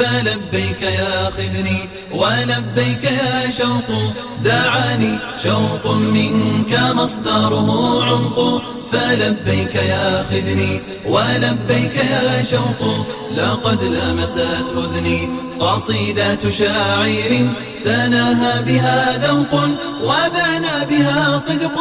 فلبيك يا خدني ولبيك يا شوق دعاني شوق منك مصدره عمق فلبيك يا خدني ولبيك يا شوق لقد لمست أذني قصيدة شاعر تناهى بها ذوق وبنى بها صدق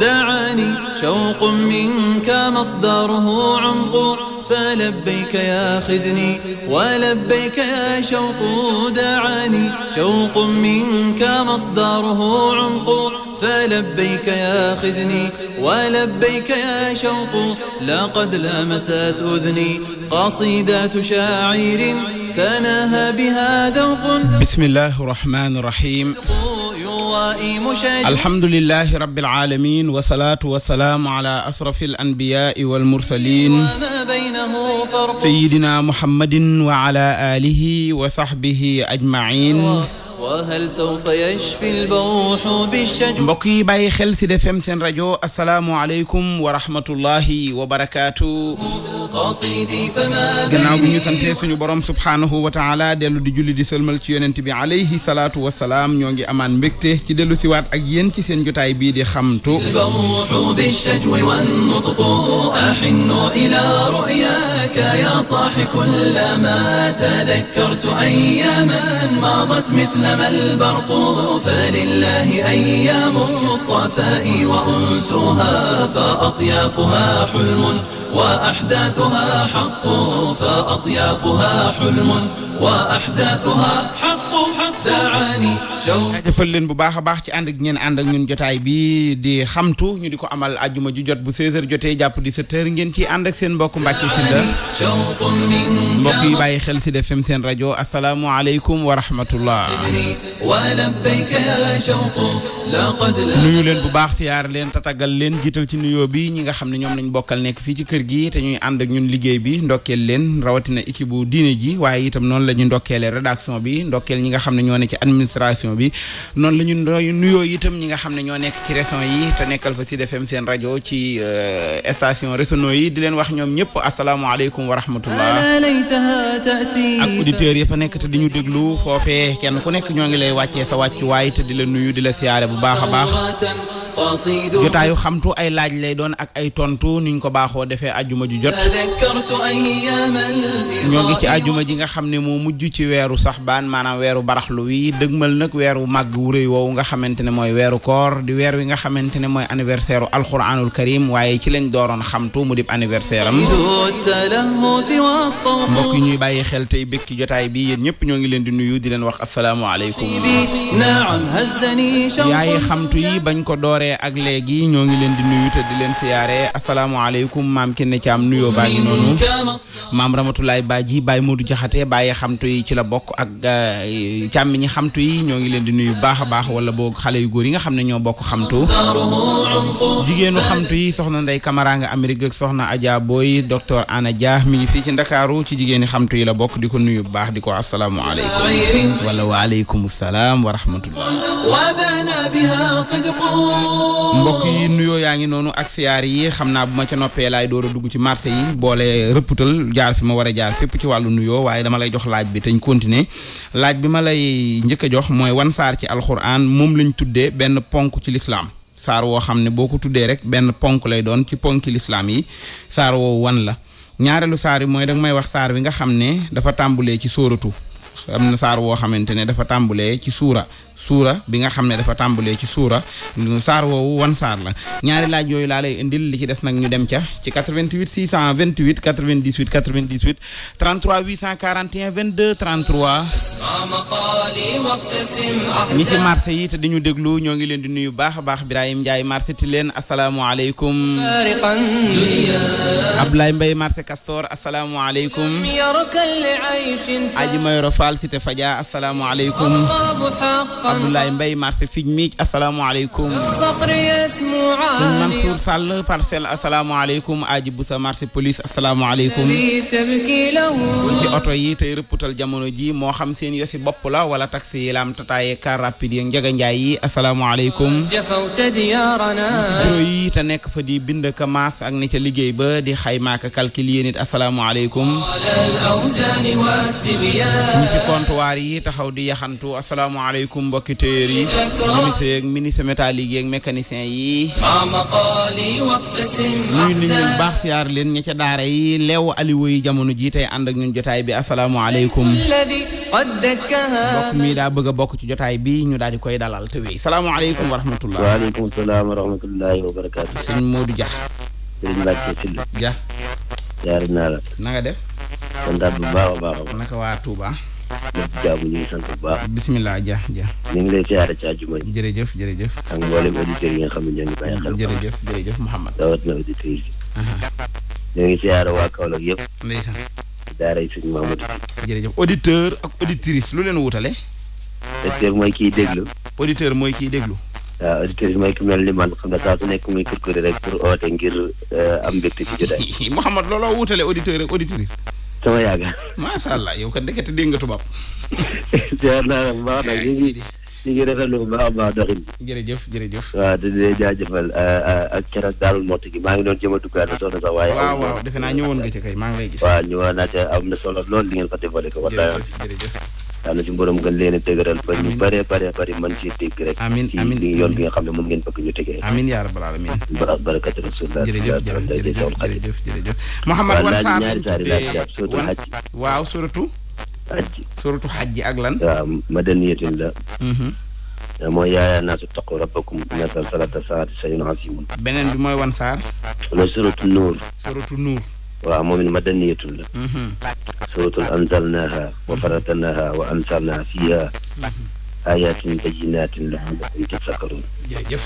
دعاني شوق منك مصدره عمق فلبيك يا خذني ولبيك يا شوق دعاني شوق منك مصدره عمق فلبيك يا خذني ولبيك يا شوق لقد لمست أذني قصيدة شاعر تنهى بها ذوق بسم الله الرحمن الرحيم الحمد لله رب العالمين والصلاة والسلام على أشرف الأنبياء والمرسلين سيدنا محمد وعلى آله وصحبه أجمعين mbokk yi bàyyi xel ci Sud FM seen rajo asalaamualeykum wa rahmatullahi wa barakaatu. gannaaw bi ñu sante suñu borom subhaanahu wa taala dellu di julli di sëlmal ci yonent bi alayhi salaatu wa salaam ñoo ngi amaan mbégte ci dellu siwaat ak yéen ci seen jotaay bii di xamtu. ila نعم البرق فلله أيام الصفاء وأنسها فأطيافها حلم وأحداثها حق فأطيافها حلم وأحداثها حق دعاني jaajëfal leen bu baax a baax ci ànd ak ngeen ñun jotaay bi di xamtu ñu di ko amal ajjuma ju jot bu 16h jotee jàpp 17h ngeen ci ànd ak seen mbokk Mbacke Sylla mbokk yi xel si FM seen rajo asalaamualeykum wa rahmatullah nuyu leen bu baax leen tatagal leen jiital ci nuyoo bi ñi nga xam ne ñoom lañ bokkal nekk fii ci kër gi te ñu ànd ak ñun liggéey bi ndokkeel leen rawatina équipe bu diine ji waaye itam noonu la ñu ndokkeele rédaction bi ndokkeel ñi nga xam ne ñoo ne ci administration bi noonu la ñu nuyoo itam ñi nga xam ne ñoo nekk ci région yi te nekkal fa Sud FM seen rajo ci euh, station régionaux yi di leen wax ñoom ñëpp asalaamaaleykum wa rahmatullah ak auditeurs yi fa nekk te di ñu déglu foofee kenn ku nekk ñoo ngi lay wàccee sa wàccuwaay te di la nuyu di la siyaare bu baax a baax jotaayu xamtu ay laaj lay doon ak ay tontu niñ ko baaxoo defee ajuma ju jot ñoo ngi ci ajuma ji nga xam ne moo mujj ci weeru saxbaan maanaam weeru baraxlu wi dëgmal nag weeru mag wu rëy woowu nga xamante ne mooy weeru koor di weer wi nga xamante ne mooy anniversaire u alxuraanul karim waaye ci lañ dooroon xamtu mu dib anniversaire am mbokk yi ñuy bàyyi xel tey békki jotaay bi yéen ñëpp ñoo ngi leen di nuyu di leen wax asalaamaaleykum yaaye xamtu dooree ak léegi ñoo ngi leen di nuyu te di leen siyaare asalaamaaleykum maam kenn ci am nuyoo baa ngi noonu maam Ramatulaay Baaji Baay Moodu Jaxate bàyyi xamtu yi ci la bokk ak euh, càmmi ñi xamtu yi ñoo ngi leen di nuyu baax a baax wala boog xale yu góor yi nga xam ne ñoo bokk xamtu jigéenu xamtu yi soxna Ndey Kamara nga Amérique soxna Adja Boy docteur Ana Dia mi ngi fii ci Ndakaaru ci jigéeni xamtu yi la bokk di ko nuyu bu baax di ko asalaamaaleykum wala waaleykum salaam wa rahmatullah mbokk nuyoo yaa ngi noonu ak siyaar yi xam naa bu ma ca noppee laay door a dugg ci marché yi boole rëpputal jaar fi ma war a jaar fépp ci wàllu nuyoo waaye dama lay jox laaj bi te ñu laaj bi ma lay njëkk a jox mooy wan saar ci alxuraan moom lañ tuddee benn ponk ci lislaam saar woo xam ne boo ko tuddee rek benn ponk lay doon ci ponki lislaam yi saar woo wan la ñaareelu saar yi mooy danga may wax saar bi nga xam ne dafa tàmbulee ci sóoratu am na xamante ne dafa tàmbulee ci suura suura bi nga xam ne dafa tàmbalee ci suura saar woowu wan saar la ñaari laaj yooyu laa lay indil li ci des nag ñu dem ca ci 88 628 98 98 33 841 22 33 ñi ci marché yi te di ñu déglu ñoo ngi leen di nuyu baax a baax Birahim Ndiaye marché ti leen asalaamualeykum Ablaye Mbaye marché Castor asalaamualeykum Aji Mayoro Fall cité Fadia asalaamualeykum Abdoulaye Mbaye marché fij miic asalaamaaleykum sëñ Mansour Sall parcelle asalaamaaleykum aji busa marché police asalaamaaleykum buñ ci oto yi tey rëpputal jamono ji moo xam seen yosi bopp la wala taxi yi laam tataaye car rapide yi njaganjaay yi asalaamaaleykum pro yi te nekk fa di bind ka maas ak ni ca liggéey ba di xaymaaka calcul yéen it asalaamaaleykum ñi ci comptoir yi taxaw di yaxantu asalaamaaleykum mbokk interlocuteurs yi menuisier yeeg menuisier métallique yeeg yi nuyu nit ñun baax siyaar leen ña ca daara yi jamono jii tey ànd ñun jotaay bi asalaamaaleykum bokk mi daa bëgg bokk ci jotaay bi ñu daal di koy dalal te wéy salaamaaleykum wa rahmatullah wa barakaatu sëñ Modou Dia sëñ Mbacke Sylla def kontaan bu baax a baax naka waa Touba jaa bu ñu ngi sant bu baax. bisimilah Dia Dia. ñu ngi lay siyaare ci àjjuma ji. jërëjëf jërëjëf. ak mboolem auditeurs yi nga xam ne ñoo ngi bàyyi xel. jërëjëf jërëjëf Mouhamed. rawatina auditeurs yi. ñu ngi siyaare waa Kaolack yëpp. ndeysaan. daara yi sëñ Mamadou. jërëjëf auditeur ak auditrice lu leen wutale. auditeur mooy kii déglu. auditeur mooy kii déglu. waaw auditeurs yi mooy ku mel ni man xam ne saa su nekk muy kurkuri rek pour oote ngir euh, am mbégte ci jotaay. Mouhamed looloo wutale auditeur ak auditrice. sama yaakaar. macha allah yow kat ndekete dégg nga tubaab. jaar naa bu baax nag ñu ngi ñu ngi a baax doxin. jërëjëf jërëjëf. waaw di leen jaajëfal ak keroog daalul motti gi maa ngi doon jëm a duggaat la soxna sax waaye. waaw waaw defe naa ñëwoon nga ci kay maa ngi lay gis. waaw naa am na solo lool li ngeen ko développé ko. jërëjëf yàlla suñu borom gën leen a dëgëral ba ñu bëree bëree bëri mën ci dégg rek. amiin amiin ci yoon bi nga xam ne moom ngeen bëgg ñu tegee. amiin yaa rabbal aalamiin. barakatu rasulillah. jërëjëf jërëjëf jërëjëf jërëjëf. Mouhamad wan saar lañ tuddee waaw suratu. hajj suratu hajj ak lan. waaw madaniyatin la. Mhm. mooy yaayaa naasu taqu rabbakum inna zalzalata saati shay'un azimun. beneen bi mooy wan saar. mooy suratu nuur. suratu nuur. waaw moom it la mm-hmm. suratul anzalnaha wa mm-hmm. faratanaha wa ansalna fiha mm-hmm. ayatin bayinatin la'allakum tafakkarun jërëjëf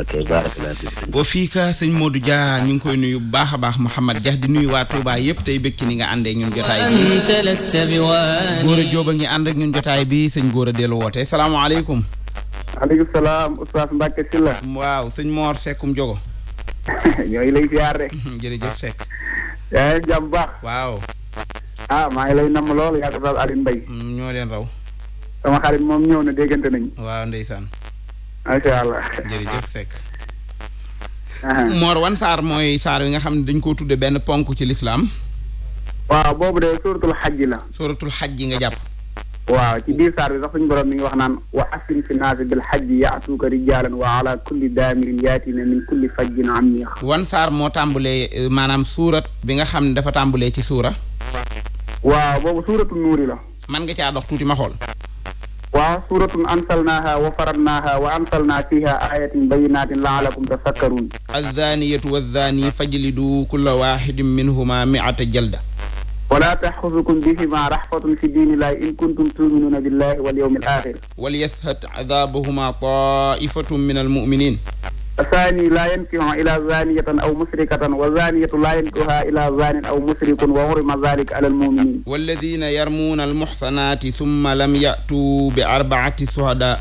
ok baarakala boo fii ka sëñ Modou Dia ñu ngi koy nuyu bu baax a baax Mouhamad Dia di nuyu waa Touba yëpp tey bëgg ci ni nga àndee ñun jotaay bi góor a jóoba ngi ànd ak sëñ góor a dellu woote salaamaaleykum aleykum salaam oustaz waaw sëñ Mor Sekum Jogo ñooy lay ziar rek jërëjëf Seck yaa ngi jàmm baax. waaw. ah maa ngi lay namm lool yaa ngi Alioune Mbaye. Mm, ñoo leen raw. sama xarit moom ñëw na déggante nañu. waaw ndeysaan. macha allah. jërëjëf Seck. Ah. Mor wan saar mooy saar yi nga xam ne dañ koo tudde benn ponk ci lislaam waaw boobu de suratul xaj la. suratul xaj nga jàpp. waaw ci biir saar bi sax suñu borom mi ngi wax naan wa asrin fi naasi bil xajji yaatuuka rijaalan wa ala kulli daamirin yaatina min kulli fajjin amiq wan saar moo tàmbulee eh, maanaam suurat bi nga xam ne dafa tàmbulee ci suura waaw boobu suuratu nuuri la man nga caa tuuti ma xool waaw suuratun ansalnaaha wa faradnaaha wa ansalnaa fiiha ayatin bayinatin laalakum tafakkaruun azzaaniyatu wazzaani fajlidu kulla waaxidin mi miata jalda wala taxuzukum bihimaa raxfatun fi diinillaahi in kuntum tuminuuna billaahi wal yawmil aaxir wal yashhad adaabahumaa taa'ifatun minal mu'miniin asaani laa yankihu ilaa zaaniyatan aw mushrikatan wa zaaniyatu laa yankihuhaa ilaa zaanin aw mushrikun wa hurima zaalika alal mu'miniin walladiina yarmuuna almuxsanaati summa lam ya'tuu bi arba'ati shuhadaa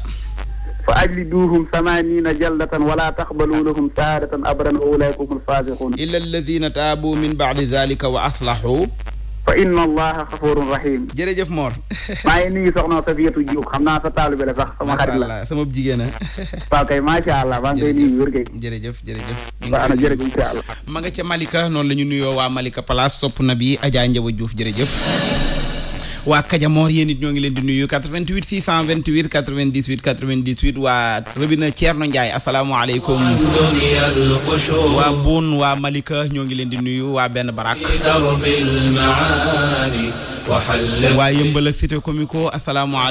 fa ajliduuhum samaaniina jaldatan wala taqbaluu lahum saadatan abadan wa ulaaika humul faasiquun illa alladiina taabuu min ba'di zaalika wa aslahuu fa inna allaha xafurun rahim jërëjëf Mor maa ngi nuyu soxna Safiyatu Diouf xam naa sa taalibe la sax sama xarit la sama jigéen a waaw kay macha allah maa ngi koy nuyu wér kay jërëjëf jërëjëf waaw na jërëjëf ma nga ca Malika noonu la ñu nuyoo waa Malika Palace sopp na bi Adja Njawa Diouf jërëjëf waa Kajamoor yéen it ñoo ngi leen di nuyu 88 628 98 98 waa Robina Thierno Ndiaye asalaamaaleykum waa Boun waa Malika ñoo ngi leen di nuyu waa ben barak waa yëmbal ak cité waa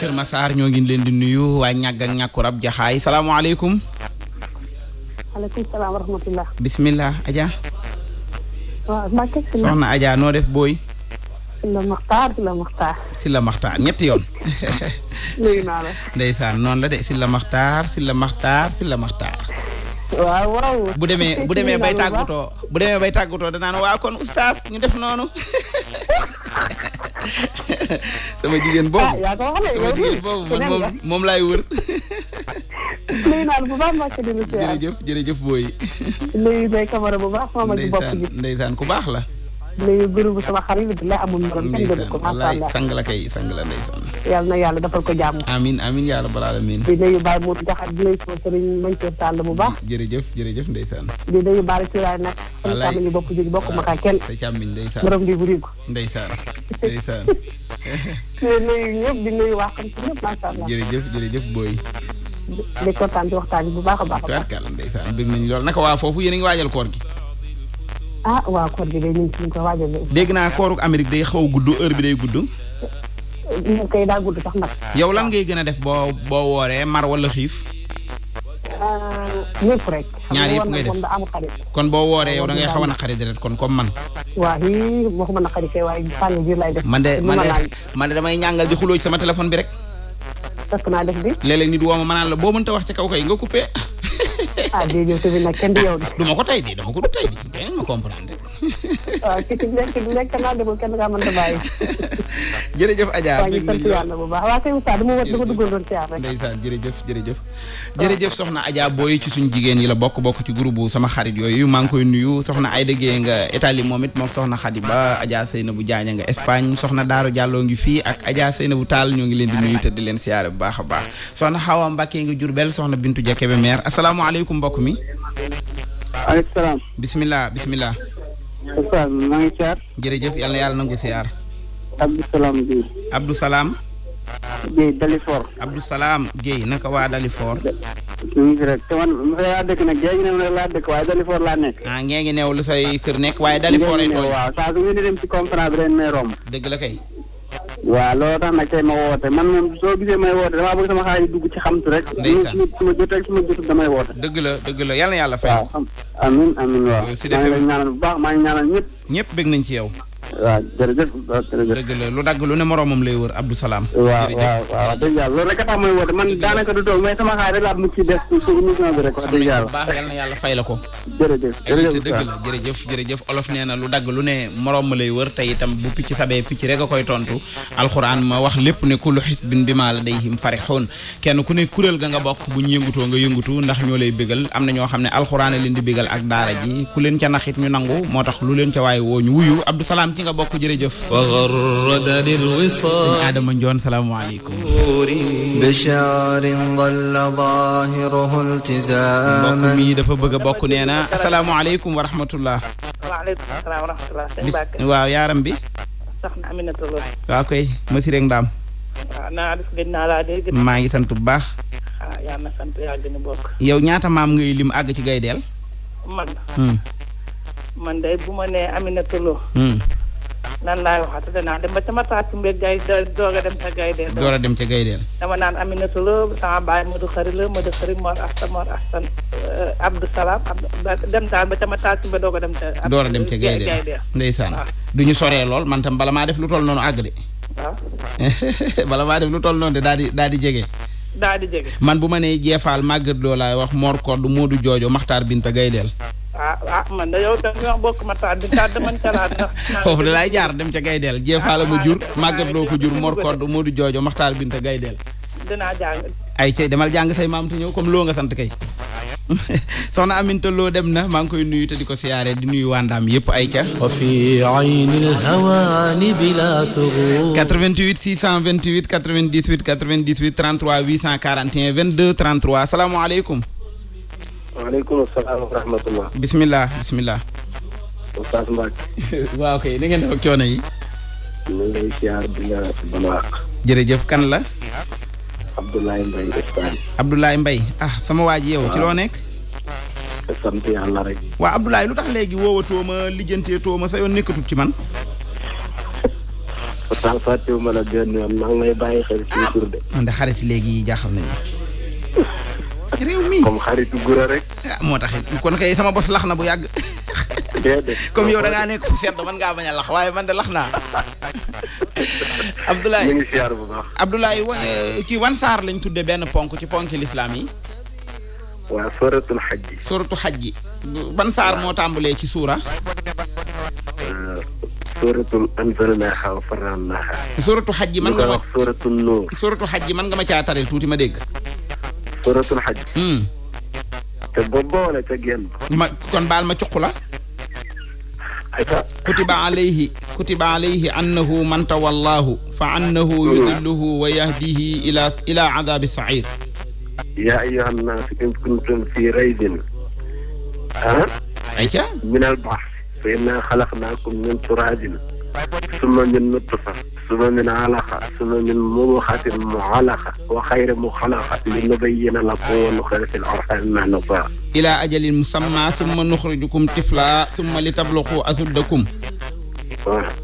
Kër Massar ñoo ngi leen di nuyu waa ñàgg ak ñàkku rab jaxaay salaamaaleykum aleykum salaam wa rahmatullah aja waaw Mbacke soxna Adja noo def booy. si la Maxtaar si la Maxtaar. ñetti yoon. nuyu naa noonu la de si la Maxtaar si la Maxtaar si la Maxtaar. waaw waaw. bu demee bu demee bay tàggatoo bu demee bay tàggatoo danaan waa kon oustaz ñu def noonu. sama jigéen boobu ah, sama jigéen boobu man moom moom laay wër. naa la bu baax jërëjëf jërëjëf booy. nuyu Ndeye Camara bu baax. Ndeye Sane Ndeye Sane ku baax la. nuyu groupe sama xarit bi di la amul morom kenn gënu ko macha allah sang la kay sang la ndeysaan yal na yàlla defal ko jàmm amin amin yaa rabbal alamin di nuyu Baye Modou Diakhat di nuyu sama sëriñ Mansour Sall bu baax jërëjëf jërëjëf ndeysaan di nuyu Baara Curaay nag sama càmmiñ bopp jóg bokk ma kaa kenn sa càmmiñ ndeysaan borom di burigo ndeysaan ndeysaan di nuyu ñëpp di nuyu waa xam si ñëpp macha allah jërëjëf jërëjëf booy di kontaan ci waxtaan bi bu baax a baax a baax ndeysaan bëgg nañu lool naka waa foofu yéen a ngi waajal koor gi ah waaw koor bi day ñu dégg naa kooruk Amérique day xaw a gudd heure bi day gudd. ñu gudd sax nag. yow lan ngay gën a def boo boo wooree mar wala xiif. ñëpp ah, rek. ñaar yëpp ngay def kon boo wooree yow da ngay xaw a naqari deret kon comme man. waaw hi waxuma naqari kay waaye fànn biir def. man de man de man de damay ñàngal di xuloo sama téléphone bi rek. fekk naa def bi. léeg nit woo ma ma naan la boo mënta wax ci kaw kay nga coupé. ah déedéet tamit nag kenn ko tey de dama ko du tey de dinañ ma comprendre. waaw ah, jërëjëf Adja. waa bu baax waa kay Oustaz dama wër dama duggal jërëjëf jërëjëf. jërëjëf soxna Adja booy ci suñu jigéen yi la bokk bokk ci groupe sama xarit yooyu maa ngi koy nuyu soxna Ayda Gueye nga Italie moom it moom soxna Xadi Ba Adja Seynabou Diagne nga Espagne soxna Daaru Diallo ngi fii ak Adja Seynabou Tall ñoo ngi leen di nuyu te di leen siyaare bu baax a baax soxna Xawa Mbacke nga Jurbel soxna Bintu Jakebe maire salaamaaleykum mbokk mi. maaleykum salaam. bisimilah bisimilah. Oustaz maa ngi siyaar. na yàlla nangu siyaar. Abdou Salam Guèye. Abdou Salam. Guèye Dalifor. Abdou Salam Guèye naka waa Dalifor. ñu ngi laa dëkk nag géej gi ne laa dëkk waaye Dalifor laa nekk. ah ngi neew lu say kër nekk waaye Dalifor ay tool. waaw saa su ngeen dem ci conférence bi ren may romb. dëgg la kay. waaw loolu tax nag tey ma woote man moom soo gisee may woote damaa bëgg sama xaalis dugg ci xamtu rek. ndeysaan su ma jot rek su ma damay woote. dëgg la dëgg la yàlla yàlla fay. waaw xam amiin amiin waaw. maa ngi lay ñaanal bu baax maa ngi ñaanal ñëpp. ñëpp bëgg nañ ci yow. waaw jërëjëf jërëjëf. dëgg la lu dagg lu ne moroomam lay wër Abdou Salam. waaw waaw waaw dëgg yàlla loolu rek a tax may woote man daanaka baax yal na yàlla fay la ko. jërëjëf jërëjëf dëgg la jërëjëf jërëjëf olof nee na lu dagg lu ne moroom ma lay wër te itam bu picc sabee picc rek a koy tontu alxuraan ma wax lépp ne kullu xisbin bimaa ladayhim farixoon kenn ku ne kuréel ga nga bokk bu ñu yëngutoo nga yëngutu ndax ñoo lay bégal am na ñoo xam ne alxuraan leen di bégal ak daara ji ku leen ca naxit ñu nangu moo tax lu leen ca waaye woo ñu ci nga bokk jërëjëf. wa gharrada lil wisaal. Adama Ndione salaamaaleykum. mbokk mi dafa bëgg bokk nee na. asalaamaaleykum wa rahmatullah. waaleykum salaam wa rahmatullah. bi. soxna Aminata maa ngi sant bu baax. ah ñaata maam ngay lim àgg ci gaydeel. man. Hmm. man day bu ma nee Aminata Lo. Hmm. nan laay waxaat danaa dem ba sama ma Tumbe Gaye door a dem ca Gaydeel. door dem ca Gaydeel. dama naan Aminata Lo sama baay Modou Xari la Modou Xari Mor Asta Mor Asta euh, Abdou Salam dem daal ba sama taat Tumbe doog a dem ca. door dem ca Gaydeel ndeysaan du ñu soree lool man tam bala maa def lu toll noonu àgg de. bala maa def lu toll noonu de daal di daal di jege. daal di jege. man bu ma nee jeefaal màggat loo laay wax Mor Kodd Modou Joojo Maxtaar Binta Gaydeel. ah ah man de yow tamit foofu da laay jaar dem ca Gaydel ah, jéefaala mu ah, jur ah, màggat loo ko jur Mor Kodd Modou Joojo Maxtaar Binta Gaydel. ay cay demal jàng say maam te ñëw comme loo nga sant kay. soxna Aminta loo dem na maa ngi koy nuyu te di ko siyaare di nuyu waandaam yëpp ay ca. wa fi ayni lhawaani bila suruur. 88 628 98 98 33 841 22 33 salaamaaleykum. waaleykum salaam wa bisimilah bisimilah. Oustaz kan la. Abdoulaye Mbaye Espagne. Abdoulaye Mbaye ah, sama waa ji yow ci loo lu tax léegi woowatoo ma lijjantee too ma sa yoon nekkatut ci man. Oustaz fàttewu ci ah, xarit léegi jaaxal nañu. réew mi comme xaritu gura rek. Ah, moo tax kon kay sama bos lax na bu yàgg. comme yow da ngaa nekk fu sedd man ngaa bañ a lax waaye man de lax naa. Abdoulaye ñu ngi siyaar bu baax. Abdoulaye euh, kii wan saar lañ tuddee benn ponk ci ponki lislaam yi. waaw sooratul xaj xaj ji. ban saar moo tàmbalee ci suura. sooratul anzalnaahaa wa xaj ji man nga ma. sooratul nuur. sooratul xaj ji man nga ma caa tuuti ma dégg. suratul xaj. Hmm. te ba boole te génn. ma kon baal ma cuq la. aywa. kutiba alayhi kutiba alayhi annahu man tawallaahu fa annahu hmm. yudilluhu wa yahdihi ila ila adaabi sair. yaa ayyuha nnaas in kuntum fi raybin. ah. ayca. min al baas fa inna xalaqnaakum min turaabin summa min nutfa suma min alaqa suma min mubuxatin mu alaqa wa xayre mu xalaqa li nubayyina lakum wa nuxrija fil arxaami ma nasaa ila ajalin musamma summa nuxrijukum tifla summa li tabluxu asuddakum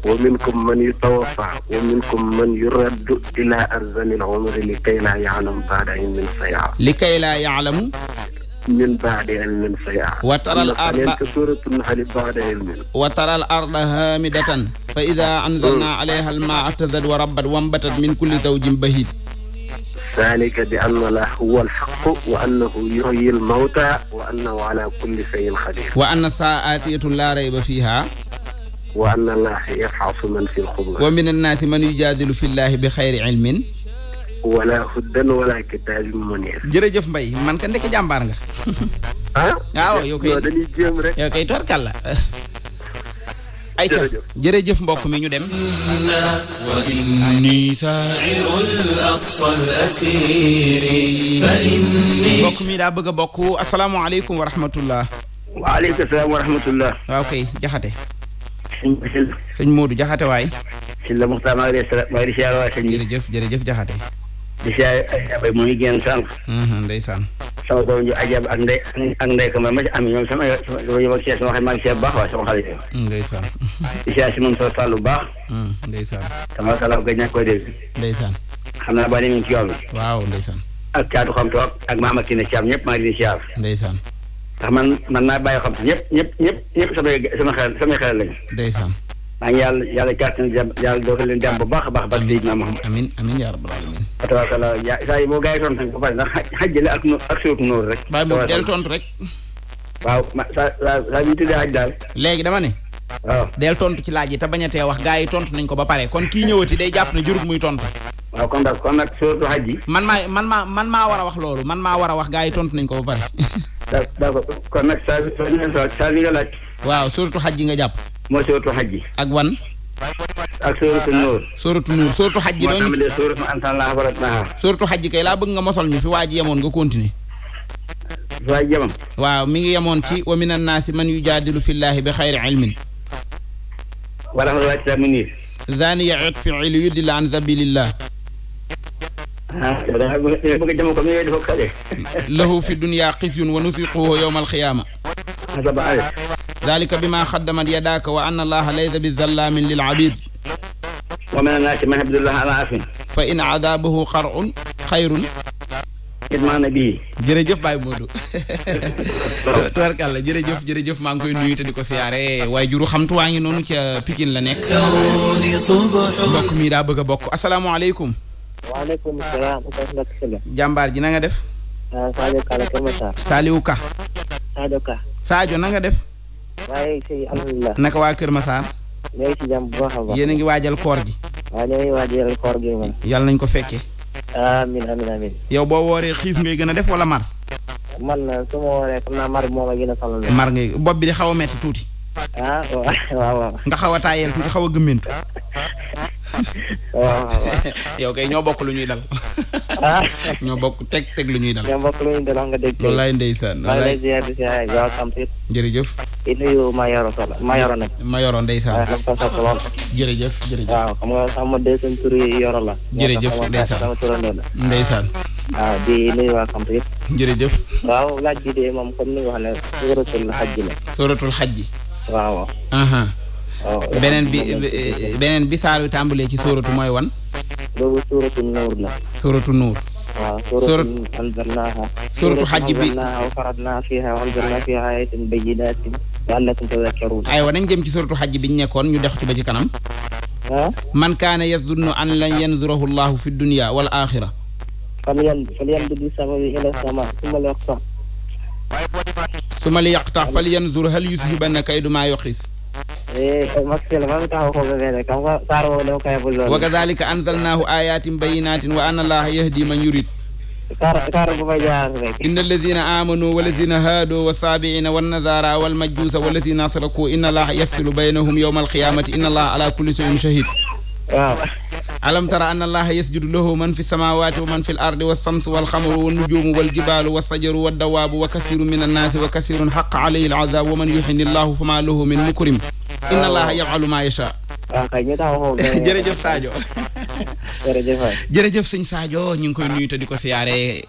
wa minkum man yutawaffa wa minkum man yuraddu ila arzanil umri likay laa ya'lamu ba'da ilmin sayyi'a likay laa ya'lamu من بعد علم سيعى وترى الأرض سورة النحل بعد علم وترى الأرض هامدة فإذا أنزلنا عليها الماء اهتزت وربت وانبتت من كل زوج بهيج ذلك بأن الله هو الحق وأنه يحيي الموتى وأنه على كل شيء قدير وأن الساعة آتية لا ريب فيها وأن الله يفحص من في الخبر ومن الناس من يجادل في الله بخير علم wala huddan wala kitaabin muniir. jërëjëf Mbaye man ka ndekk jàmbaar nga. Ah? waaw yow kay torkal la. ay ca jërëjëf mbokk mi ñu dem. wa inni saa'irul aqsal asiri fa inni. mbokk mi daa bëgg a bokk asalaamualeykum wa rahmatullah. waaleykum salaam wa waaw kay jaxate. sëñ Modou jaxate waay. sëñ la Muxtaar maa ngi lay siyaar waay sëñ bi. jaxate. di siyaare Ajab mu ngi génn sànq. Mm-hmm, ndeysaan. sama góor ñu Ajab ak ndey ak ndey ko ma ma ci am ñoom sama yow ak Cheikh sama xarit maa ngi Cheikh bu baax waaye sama xarit. ndeysaan. di siyaare si moom sa Sall bu baax. Mm, ndeysaan. sama kàllaaf gëj naa koy dégg. ndeysaan. xam naa ba ni mu ngi ci yoon bi. waaw ndeysaan. ak caatu xam toog ak maam ak Kine Thiam ñëpp maa ngi leen di siyaar. ndeysaan. ndax man man naa bàyyi xam te ñëpp ñëpp ñëpp ñëpp samay samay xel samay xel lañu. ndeysaan. maa ngi yàlla yàlla gàttal jàmm yàlla dogal leen jàmm bu baax a baax. ba Seydina Muhammad amiin amiin yaa yaa saa yi boo gaa yi ba pare ndax xaj la ak nu ak suratu noor rek. tontu rek. waaw ma saa saa saa yu ñu tuddee xaj léegi dama ne. waaw del tontu ci laaj yi te bañ a tee wax gaa yi tontu nañ ko ba pare kon kii ñëwati day jàpp ne jurut muy tontu. waaw kon nag kon nag suratu xaj man maa man maa man maa war a wax loolu man maa war a wax gaa yi tontu nañ ko ba pare. kon nag saa saa li nga laaj. waaw suratu xaj yi nga jàpp mooy sóoratu xajji. ak wan. ak sóoratu nuur. sóoratu nuur sóoratu xajji. doo ñu sóoratu ansan laa xabarat naa sóoratu xajji kay laa bëgg nga mosal ñu fi waa ji yemoon nga continuer. fi waa ji waaw mi ngi yemoon ci wa minan naasi man yujaadilu fillaahi bi xayri ilmin. wa rahmatullaahi wa barakaatuh. zaani ya'iq fi liyudilla an sabilillah. ah damaa a jëm comme yooyu dafa kale. fi dunya xizyun wa nusiquhu yawma alqiyaama. dalika bi ma xaddamat yadaaka wa anna allaha laysa bi zallaamin lil abid wa min annaasi man yabdullah ala fa in adaabahu xarun xayrun itmaana bii jërëjëf Baye Modou tubarkàlla jërëjëf jërëjëf maa ngi koy di ko siyaare waaye juru xamtu waa ngi noonu ca Pikine la nekk mbokk mi daa bëgg a bokk asalaamaaleykum waaleykum salaam jàmbaar ji na nga def ah, Sadio Ka la Kër Massar Saliou Ka Sadio Ka Sadio na nga def waaye sëñ alhamdulilah. naka waa Kër Massar. ñu ngi yéen ngi waajal koor gi. waaw ñu ngi yàlla nañ ko fekkee. amiin amiin amiin. yow boo wooree xiif ngay gën a def wala mar. man su ma wooree xam naa mar a a sonal. mar bopp bi di xaw a metti tuuti. ah waaw waaw. nga xaw a taayal tuuti xaw a gëmmentu. waaw yow kay ñoo bokk lu ñuy dal. ñoo bokk teg teg lu ñuy dal. ñoo bokk lu ñuy nga dégg. wallaay ndeysaan wallaay jërëjëf. di nuyu ma Sala Mayoro nag. Mayoro ndeysaan. Ah, jërëjëf jërëjëf. waaw xam nga sama deuxième tur yi Yoro la. jërëjëf ndeysaan sama turandoo la. ndeysaan. Ah, waaw di nuyu waa Kamp yëpp. jërëjëf. waaw laaj bi de moom comme ni nga wax ne suratul la. suratul xajji. waaw. beneen bi beneen bi saar yu tàmbalee ci suratu mooy wan. boobu suratu nuur la. suratu nuur. waaw suratu anzalnaaha suratu xajj bi anzalnaaha wa faradnaa fiihaa wa anzalnaa fiihaa aayaatin bayyinaatin la'allakum tadhakkarun aywa nañ jëm ci suratu xajj biñ nekkoon ñu dextu ba ci kanam ah? man kaana yazunnu an lan yanzurahu llahu fi dunya wal axira falyan falyamdud bi sababi ila sama summa li yaqtax summa li yaqtax falyanzur hal yushibanna kaydu maa yuqis eh, wa kadalika anzalnahu ayatin bayinatin wa anna allaha yahdi man yurid inna alladina amanu walladina haadu wasaabiina wannazara walmajuusa walladina asraku inna allaha yafsilu baynahum yowma alqiyamati inna allaha ala kulli shay'in shahid waaw alam tara anna allaha yasjudu lahu man fi samawati wa man fi l ardi walsamsu walxamaru walnujuumu waljibalu walsajaru waddawaabu wa kasiru min annaasi wa kasirun xaq alayhi alazab wa man yuxini llahu fama lahu min mukrim inna allaha yafalu ma yacha jërëjëf Sadio jërëjëf waay jërëjëf sëñ Sadio ñu ngi koy nuyu te di ko siyaare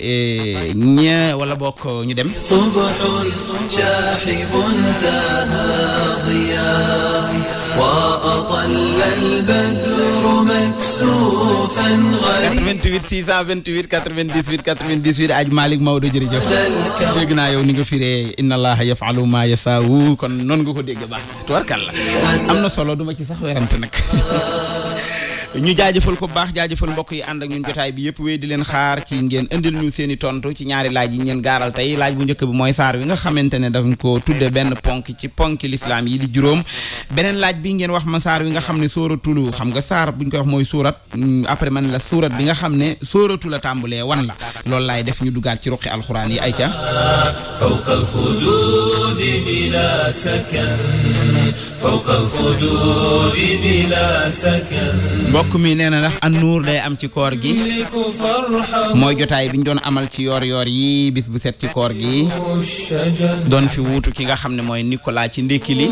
ñe wala bokk ñu dem. وأطل البدر مكسوفا غريبا 88 628 98 98 aj Malick Maodo jërëjëf dégg naa yow ni nga firee inna allaha yafalu ma yasawu kon noonu nga ko dégg baax tubarkalla am na solo duma ci sax werante nag ñu jaajëfal ko baax jaajëfal mbokk yi ànd ak ñun jotaay bi yëpp wéy di leen xaar ci ngeen indil ñu seen tontu ci ñaari laaj yi ngeen gaaral tey laaj bu njëkk bi mooy saar wi nga xamante ne dañ ko tudde benn ponk ci ponk lislaam yi di juróom beneen laaj bi ngeen wax ma saar wi nga xam ne sóoratulu xam nga saar buñ koy wax mooy suurat mm, après man la suurat bi nga xam ne sóoratu la tàmbulee wan la loolu laay def ñu dugaat ci ruqi alxuraan yi ay ca fawqa alxudud bila bila sakan mbokk mi nee na ndax an nuur day am ci koor gi mooy jotaay bi ñu doon amal ci yoor yoor yii bis bu set ci koor gi doon fi wuutu ki nga xam ne mooy Nicolas ci ndékki li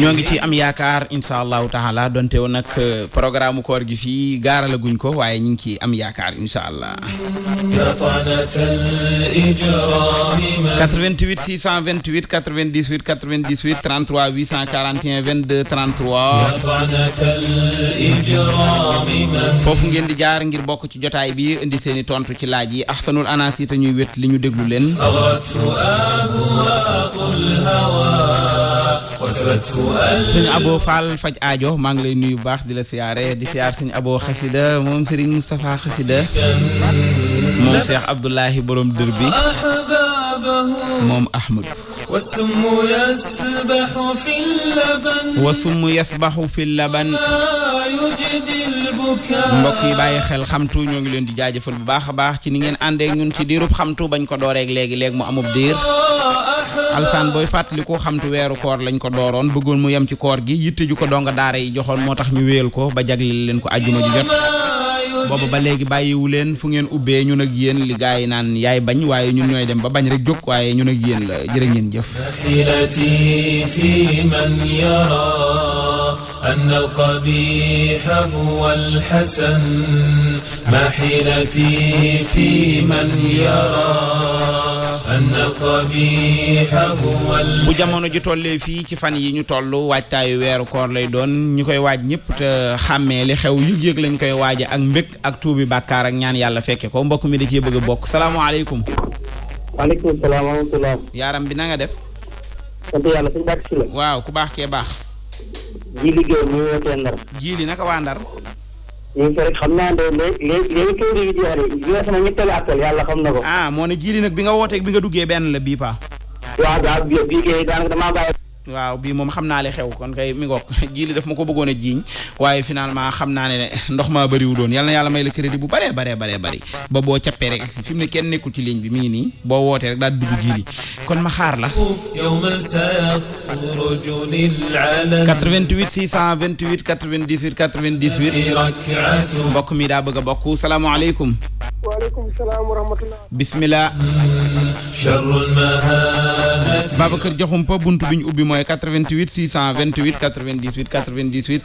ñoo ngi ci am yaakaar incha allahu taala donte woon nag euh, programme koor gi fii gaarala guñ ko waaye ñu ngi ci am yaakaar incha allah 88 628 foofu ngeen di jaar ngir bokk ci jotaay bi indi seeni tontu ci laaj yi axsanul anaas yi te ñuy wét li ñu déglu leen sëñ Abo Fall faj aajo maa ngi lay nuyu baax di la siyaare di siyaar sëñ Abo xasida moom Serigne Moustapha xasida moom Cheikh Abdoulahi borom dër bi moom Ahmadu والسم يسبح في اللبن والسم يسبح في اللبن mbokk yi bàyyi xel xamtu ñoo ngi leen di jaajëfal bu baax a baax ci ni ngeen àndeek ñun ci diirub xamtu bañ ko dooreek léegi léegi mu amub diir alsaan booy fàttaliku xamtu weeru koor lañ ko dooroon bëggoon mu yem ci koor gi yitte ju ko donga daara yi joxoon moo tax ñu wéyal ko ba jagleel leen ko ajjuma ju jot booba ba ba bàyyiwu leen fu ngeen ubbee ñun ak yéen li gars yi naan yaay bañ waaye ñun ñooy dem ba bañ rek jóg waaye ñun ak yéen la jërë ngeen jëf أن القبيح هو الحسن ما حيلتي في من bu jamono ji tollee fii ci fan yi ñu toll waajtaayu weeru koor lay doon ñu koy waaj ñëpp te xàmmee li xew yëg-yëg lañ koy waaje ak mbég ak tuubi bàkkaar ñaan yàlla fekke ko mbokk mi da cee bëgg bokk salaamaaleykum. waaleykum salaam wa def. ku baax si waaw ku baax kee baax. Jili Gueye ñu wootee Ndar. Jili naka waa Ndar. ñu ngi rek xam naa ne léegi léegi kër yi di joxe bi nga sama ñetteelu appel yàlla xam na ko. ah moo ne Jili nag bi nga wootee bi nga duggee benn la bii paa. waaw waaw bii bii kay daanaka damaa bàyyi. waaw bii moom xam naa li xew kon kay mi ngoog jiili daf ma ko bëggoon a jiiñ waaye finalement xam naa ne ndox maa bëriwu doon yal na yàlla may la crédit bu baree baree baree bëri ba boo cappee rek fi mu ne kenn nekkul ci ligne bi mi ngi nii boo wootee rek daal dugg jiili kon ma xaar la 88 628 98 98 mbokk mi daa bëgg a bokk salaamaaleykum waaleykum salaam wa rahmatulah. bisimilah. Babacar Diakhoumpa buntu bi ñu ubbi mooy 88 628 98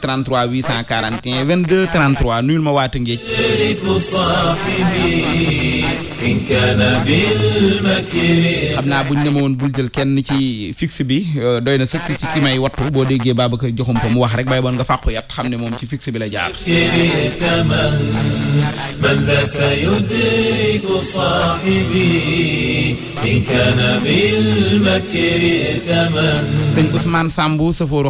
98 33 841 22 33 nuyul ma waata ngeej. xam naa buñ ne ma woon bul jël kenn ci fixe bi euh, doy na sëkk ci ki may wattu boo déggee Babacar Diakhoumpa mu wax rek bay boon nga fàqu yat xam ne moom ci fixe bi la jaar. تدرك صاحبي إن كان بالمكر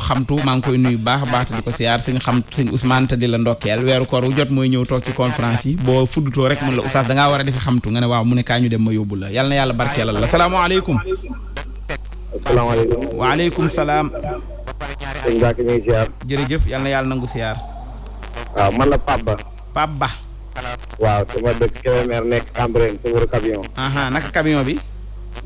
xamtu maa ngi koy nuyu baax baax te ko siyaar sëñ xam sëñ Ousmane te la ndokkeel weeru koor jot mooy ñëw toog ci conférence yi boo fuddutoo rek mun la oustaz da ngaa war a waaw mu ne kaa ñu dem ma yóbbu la yal na yàlla barkeelal la salaamaaleykum salaamaaleykum salaam sëñ Mbacke ñu ngi siyaar jërëjëf yal na yàlla nangu siyaar waaw man la Pape Ba waaw sama dëkk Kébémer nekk Cambérène sofëru camion. naka camion bi.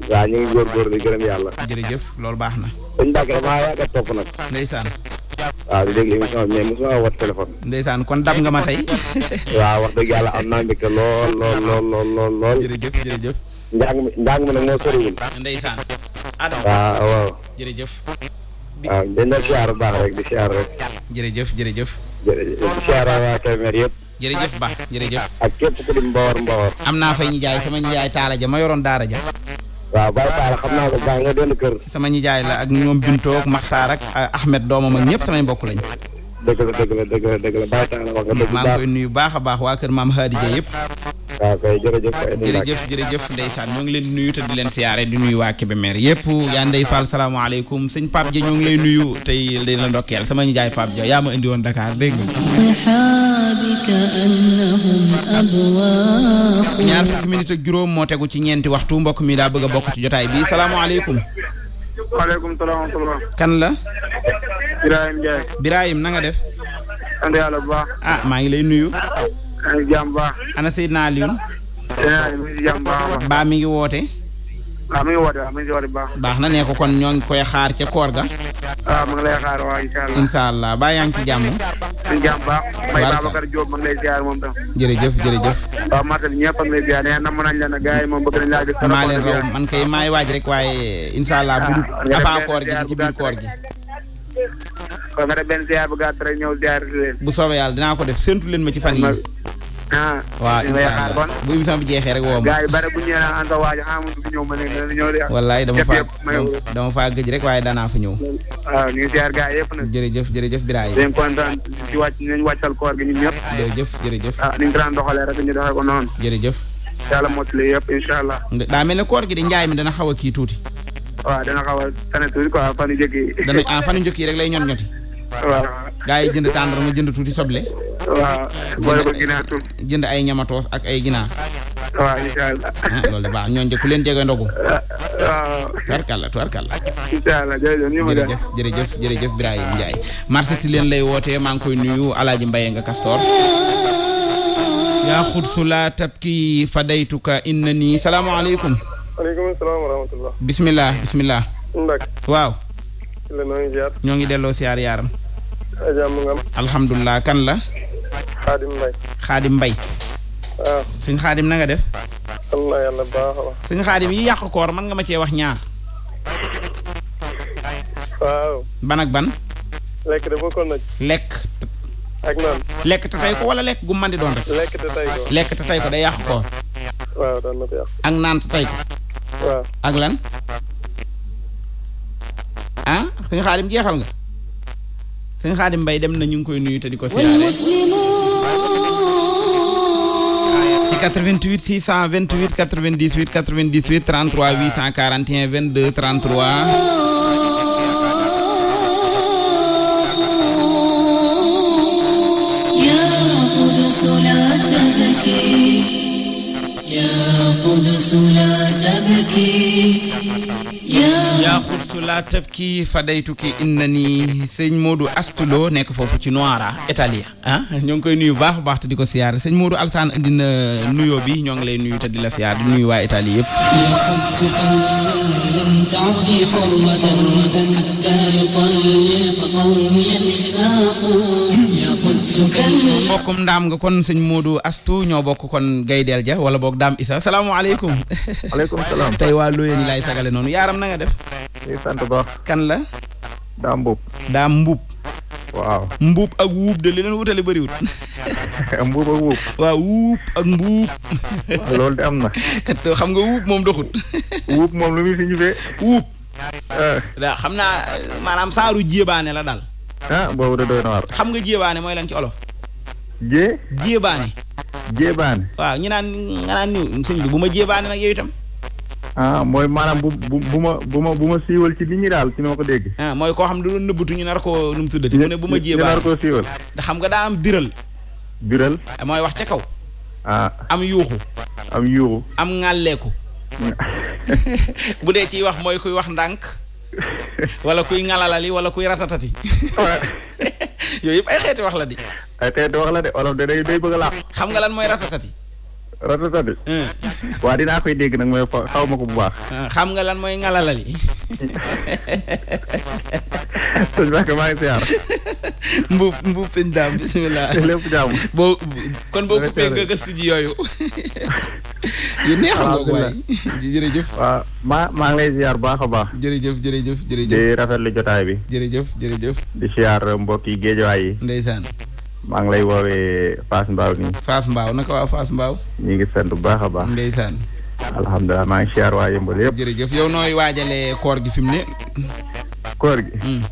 waaw ñu ngi góorgóorlu di gërëm yàlla. jërëjëf loolu baax na. sëñ Mbacke damaa a topp nag. ndeysaan. waaw di dégg émission kon dab nga ma tey. waaw wax dëgg yàlla am naa mbégte lool lool lool lool lool. jërëjëf jërëjëf. njàng mi njàng mi nag moo soriwul. ndeysaan. waaw waaw. jërëjëf. waaw dañ siyaar baax rek di siyaar rek. jërëjëf jërëjëf. di siyaar waa yëpp. jërëjëf Ba jërëjëf. ak képp ku di Mbawar Mbawar. am naa fay ñu jaay sama ñu taala ja ma yoroon daara ja. waaw Baye Taala xam naa ko baax nga dellu kër. sama ñu la ak ñoom Binto ak Maxtaar ak ah, Ahmed doomam ak ñëpp samay mbokk lañu. la dëgg la dëgg la dëgg la Baye maa ngi koy nuyu baax baax waa kër maam Xaadija yëpp. waaw kay jërëjëf. jëf jërëjëf ndeysaan ñoo ngi leen nuyu te di leen siyaare di nuyu waa Kébémer yëpp yaa Ndey Fall salaamaaleykum sëñ Pape Dia ñoo ngi lay nuyu tey di la ndokkeel sama nijaay Pape Dia yaa ma indi woon Dakar dégg nga. ñaar fukki minute ak juróom moo tegu ci ñeenti waxtu mbokk mi daa bëgg a ci jotaay bi salaamaaleykum. waaleykum salaam kan la. Birahim Ndiaye. Birahim na nga def. ah maa ngi lay nuyu. jàmm baax. ana Seydina Alioune. jàmm baax baa mi ngi woote. waaw mi ngi woote waaw mi baax. baax na ne kon ñoo koy xaar ca koor ga. waaw mu ngi lay xaar waaw incha allah. baa yaa ngi ci jàmm. suñu jàmm baax. Mbaye moom tam. jërëjëf jërëjëf. waaw Mate bi ñëpp a ngi nañ la ne gars yi moom maa leen raw man kay maay waaj rek waaye incha allah. Ah, waaw koor gi ci koor gi. kon nga def benn ziar bu gàtt rek ñëw ziar si leen. bu soobee yàlla dinaa ko def séntu leen ma ci fan yi ah waaw allah bu émission bi jeexee rek woo ma. gars yi bare bu ñu nee naan Anta waajo ah mu ñëw ma ne dana ñëw de. wallaay dama faa dama faa gëj rek waaye danaa fa ñëw. waaw ñu ngi ziar gars yëpp nag. jërëjëf jërëjëf Birahim. dañ kontaan ci wàcc nañ wàccal koor gi ñun ñëpp. jërëjëf jërëjëf. ah ni ñu daan doxalee rek ñu doxee ko noonu. jërëjëf. yàlla daa mel ne koor gi di njaay mi dana xaw a kii tuuti. waaw dana xaw a tane tuuti quoi fan ah, fan yu rek lay ñot ñoti waaw gaa yi jënd tàndar ma jënd tuuti soble. waaw jënd ay ñamatoos ak ay ginaar. waaw incha ah, leen jege ndogu. waaw. tubarkalla tubarkalla. incha allah jërëjëf leen lay wootee maa ngi koy nuyu Alaaji Mbaye nga Castor. yaa xudsu laa tabki inna nii salaamaaleykum. waaleykum salaam wa bisimilah waaw. ñoo ngi delloo siyaar yaaram. alhamdulilah kan la. Xaadim Mbay. Xaadim Mbay. waaw ah. Xaadim na def. wallaay yàlla baax la. sëñ Xaadim yi yàq koor mën nga ma cee wax ñaar. waaw. ban ak ban. lekk de bokkoon na lekk. ak naan. ko wala lekk gu man doon rek. lekk te tey ko. lekk yàq koor. ak naan te tey ko. ak lan. sëñ xaadim jeexal nga sëñ xaadim mbay dem na ñu ngi koy nuyu te di ko siyaare ci 88 628 98 98 33 841 22 33 قدس لا yaa xurtu laa tabki fadaytuki innani sëñ Modou Astuloo nekk foofu ci Noara Italia ah, ñoo ngi koy nuyu baax a baax te di ko siyaare sëñ Modou Alsaan indi nuyoo bi ñoo ngi lay nuyu te di la siyaar di nuyu waa Italie yëpp. mbokkum ndaam nga kon sëñ Modou Astou ñoo bokk kon gaydeel ja wala boog daam Isa salaamaaleykum. aleykum salaam tey waa Lóyeen yi laay sagale noonu yaaram na nga def. kan la. daam Mbuub. daam Mbuub. ak wuub de li leen wutale bëriwut. mbuub ak wuub. ak mbuub. waaw loolu de am na. xam nga wuub moom doxut. wuub moom lu muy signifié. wuub. Ah. xam naa maanaam saaru jébaane la daal. ah boobu da doy na xam nga jéebaane mooy lan ci olof. jé. jéebaane. jéebaane. waaw ñi naan nga naan ñu sëñ bi bu ma jéebaane nag yow itam. mooy maanaam bu bu bu ma bu ma bu ma siiwal ci nit ñi daal ci ni ko dégg. mooy koo xam ne du doon nëbbatu ñu nar koo nu mu tuddati. ne bu ma jéebaane ñu nar koo siiwal. te xam nga daa am biral. biral. mooy wax ca kaw. am yuuxu. am yuuxu. am ŋàlleeku. bu dee ciy wax mooy kuy wax ndànk. wala kuy ngalalali wala kuy ratatati. yooyu yëpp ay xeeti wax la di. ay xeeti wax la de olof de day day bëgg a laaf. xam nga lan mooy ratatati. ratatati. waa dinaa koy dégg nag mooy xaw ma ko bu baax. xam nga lan mooy ngalalali. sëñ Ba maa ngi siyaar. mbuub mbuub sëñ daam bisimilah. lépp jàmm. boo kon boo coupé nga gëstu ji yooyu. yu neexal nga ko waay jërëjëf. waaw maa maa ngi lay siyaar baax a baax. jërëjëf jërëjëf jërëjëf. di jotaay bi. jërëjëf jërëjëf. di siyaar mbokk yi géejawaay yi. ndeysaan. maa ngi lay woowee Fass Mbaaw nii. Fass Mbaaw naka waaw Fass Mbaaw. ñu ngi sant bu baax a baax. ndeysaan. alhamdulilah maa ngi siyaar waa Yëmbal yëpp. jërëjëf yow nooy waajale koor gi fi mu ne. koor gi. Hmm.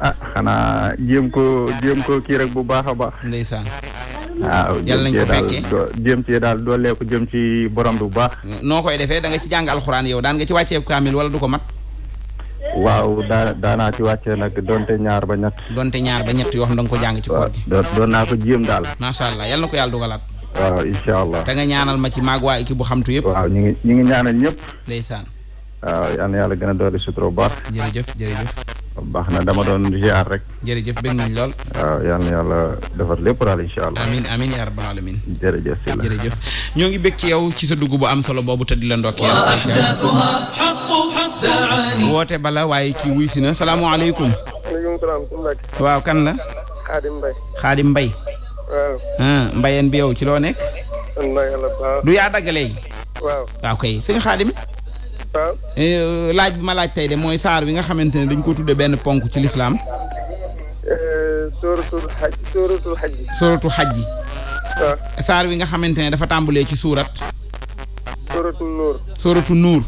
ah xanaa jéem ko jéem ko kii rek bu baax a baax. ndeysaan. waaw yàlla nañ ko fekkee jëm ci daal dooleeku jëm ci borom bi bu baax. noo koy defee da nga ci jàng alxuraan yow daan nga ci wàccee kaamil wala du ko mat. waaw daa daanaa ci wàccee nag donte ñaar ba ñett. donte ñaar ba ñett yoo xam da nga ko jàng ci koor gi. doon naa ko jéem daal. macha allah yal na ko yàlla dugalaat. waaw incha allah. te nga ñaanal ma ci maag waa équipe bu xamtu yëpp. waaw ñu ngi ñu ngi ñaanal ñëpp. ndeysaan. waaw yal na yàlla gën a doole sutura bu baax. jërëjëf jërëjëf. baax na dama doon ziar rek. jërëjëf bëgg nañ lool. waaw yal na yàlla defar lépp daal incha allah. amiin amiin yaa rabbal alamin. jërëjëf si la ñoo ngi bëgg ci yow ci sa dugg bu am solo boobu te di la ndokkeel. bala waaye kii salaam. waaw kan la. Xaadim Mbaye. Xaadim Mbaye. mbayeen bi yow ci loo nekk. du yaa dagg léegi. waaw. waaw kay Xaadim. Euh, laaj bi ma laaj tey de mooy saar wi nga xamante ne dañ ko tudde benn ponk ci lislaam euh, sooratul xaj ji. sooratul xaj saar wi nga xamante ne dafa tàmbalee ci suurat. sooratul nuur. sooratul nuur.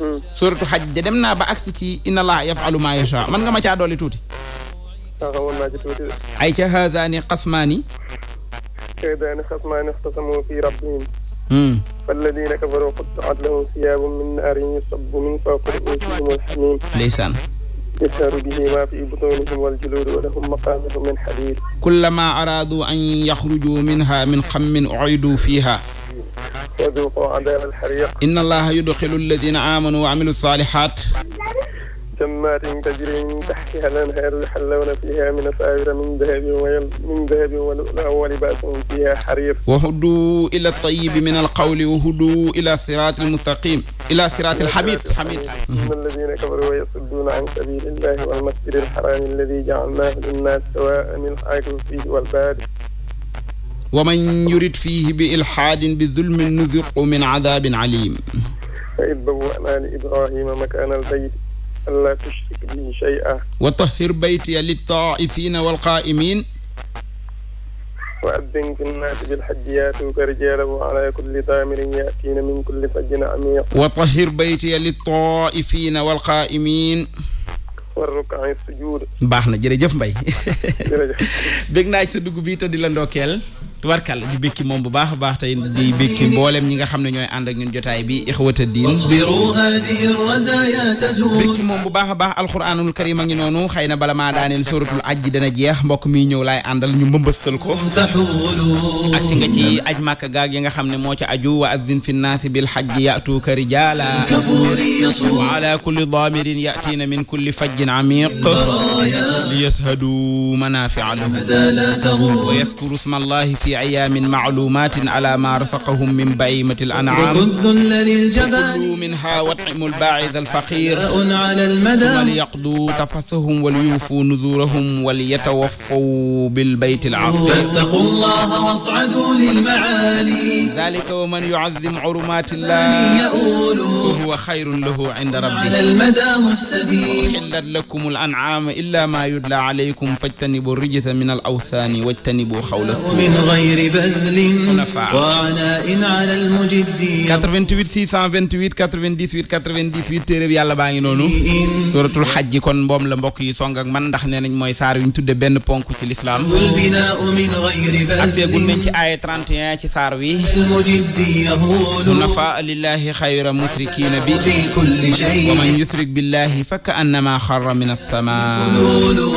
Hmm. sooratul xaj de dem naa ba agsi ci inna laa yafalu maa man nga ma caa dolli tuuti. xamoon naa ci tuuti de. ay ca haadaani xasmaani. haadaani xasmaani ixtasamu fi rabbihim falladiina kafaruu qutti'at lahum siyaabun min naarin yusabbu min fawqi ru'uusihim al-hamiim. ndeysaan. yas'aru bihi maa fi butuunihim wal juluud wa lahum maqaami'u min hadiid. kullamaa araaduu an yaxrujuu minhaa min xammin u'iduu fiihaa. wa dhuuquu 'adaabal hariiq. inna Allaaha yudxilu alladiina aamanuu wa 'amiluu saalihaat. جنات تجري من تحتها الأنهار يحلون فيها من أساور من ذهب من ذهب ولؤلؤا ولباسهم فيها حرير وهدوا إلى الطيب من القول وهدوا إلى الصراط المستقيم إلى صراط الحميد حميد إن الذين كفروا ويصدون عن سبيل الله والمسجد الحرام الذي جعلناه للناس سواء العاكف فيه والباد ومن يرد فيه بإلحاد بظلم نذقه من عذاب عليم وإذ بوأنا لإبراهيم مكان البيت allaa tushrik bi shay'a wa tahhir baytiya lit-taa'ifiina wal-qaa'imiin wa addin fi nnaasi bil-hajji yaatuuka rijaalan wa 'alaa kulli daamirin ya'tiina min kulli fajjin 'amiiq wa tahhir baytiya lit-taa'ifiina wal-qaa'imiin warrukaan sujuud baax na jërëjëf Mbaye jërëjëf bég naa ci sa dugg bi te di la ndokkeel tubarkal di békki moom bu baax a baax tey di békki mboolem ñi nga xam ne ñooy ànd ak ñun jotaay bi ixwata diin békki moom bu baax a baax alquranul karim a ngi noonu xëy na bala maa daaneel suratul ajji dana jeex mbokk mi ñëw laay àndal ñu mbëmbëstal ko ak si nga ci aj màkk gaag yi nga xam ne moo ci aju wa addin fi nnaasi bil xajji yatuuka rijaala wa ala kulli daamirin yatiina min kulli fajjin amiq li yashadu manaafi'a lahum wa yaskuru sma allahi fi fi ayaamin maalumatin ala ma rasaqahum min baymati al-an'am kulu minha wat'imu al-baa'is al-faqir summa liyaqdu tafasahum wal yuufu nuzurahum wal yatawaffaw bil bayti al-'atiq fattaqullaha was'adu lil ma'ali dhalika wa man yu'azzim 'urumati llah fa huwa khayrun lahu 'inda rabbih uhillat lakum al-an'am illa ma yudla 'alaykum fajtanibu ar-rijsa min al-awthani wajtanibu qawla as-su'u غير بذل وعناء على المجدين 88 628 98 98 téere bi yàlla baa ngi noonu suratul xajji kon mboom la mbokk yi song ak man ndax nee nañ mooy saar yu ñu tudde benn ponk ci lislaam ak seegul nañ ci aaya 31 ci saar wi hunafa lillahi xayra musrikina bi wa man yusrik billahi fa ka annama xarra min assama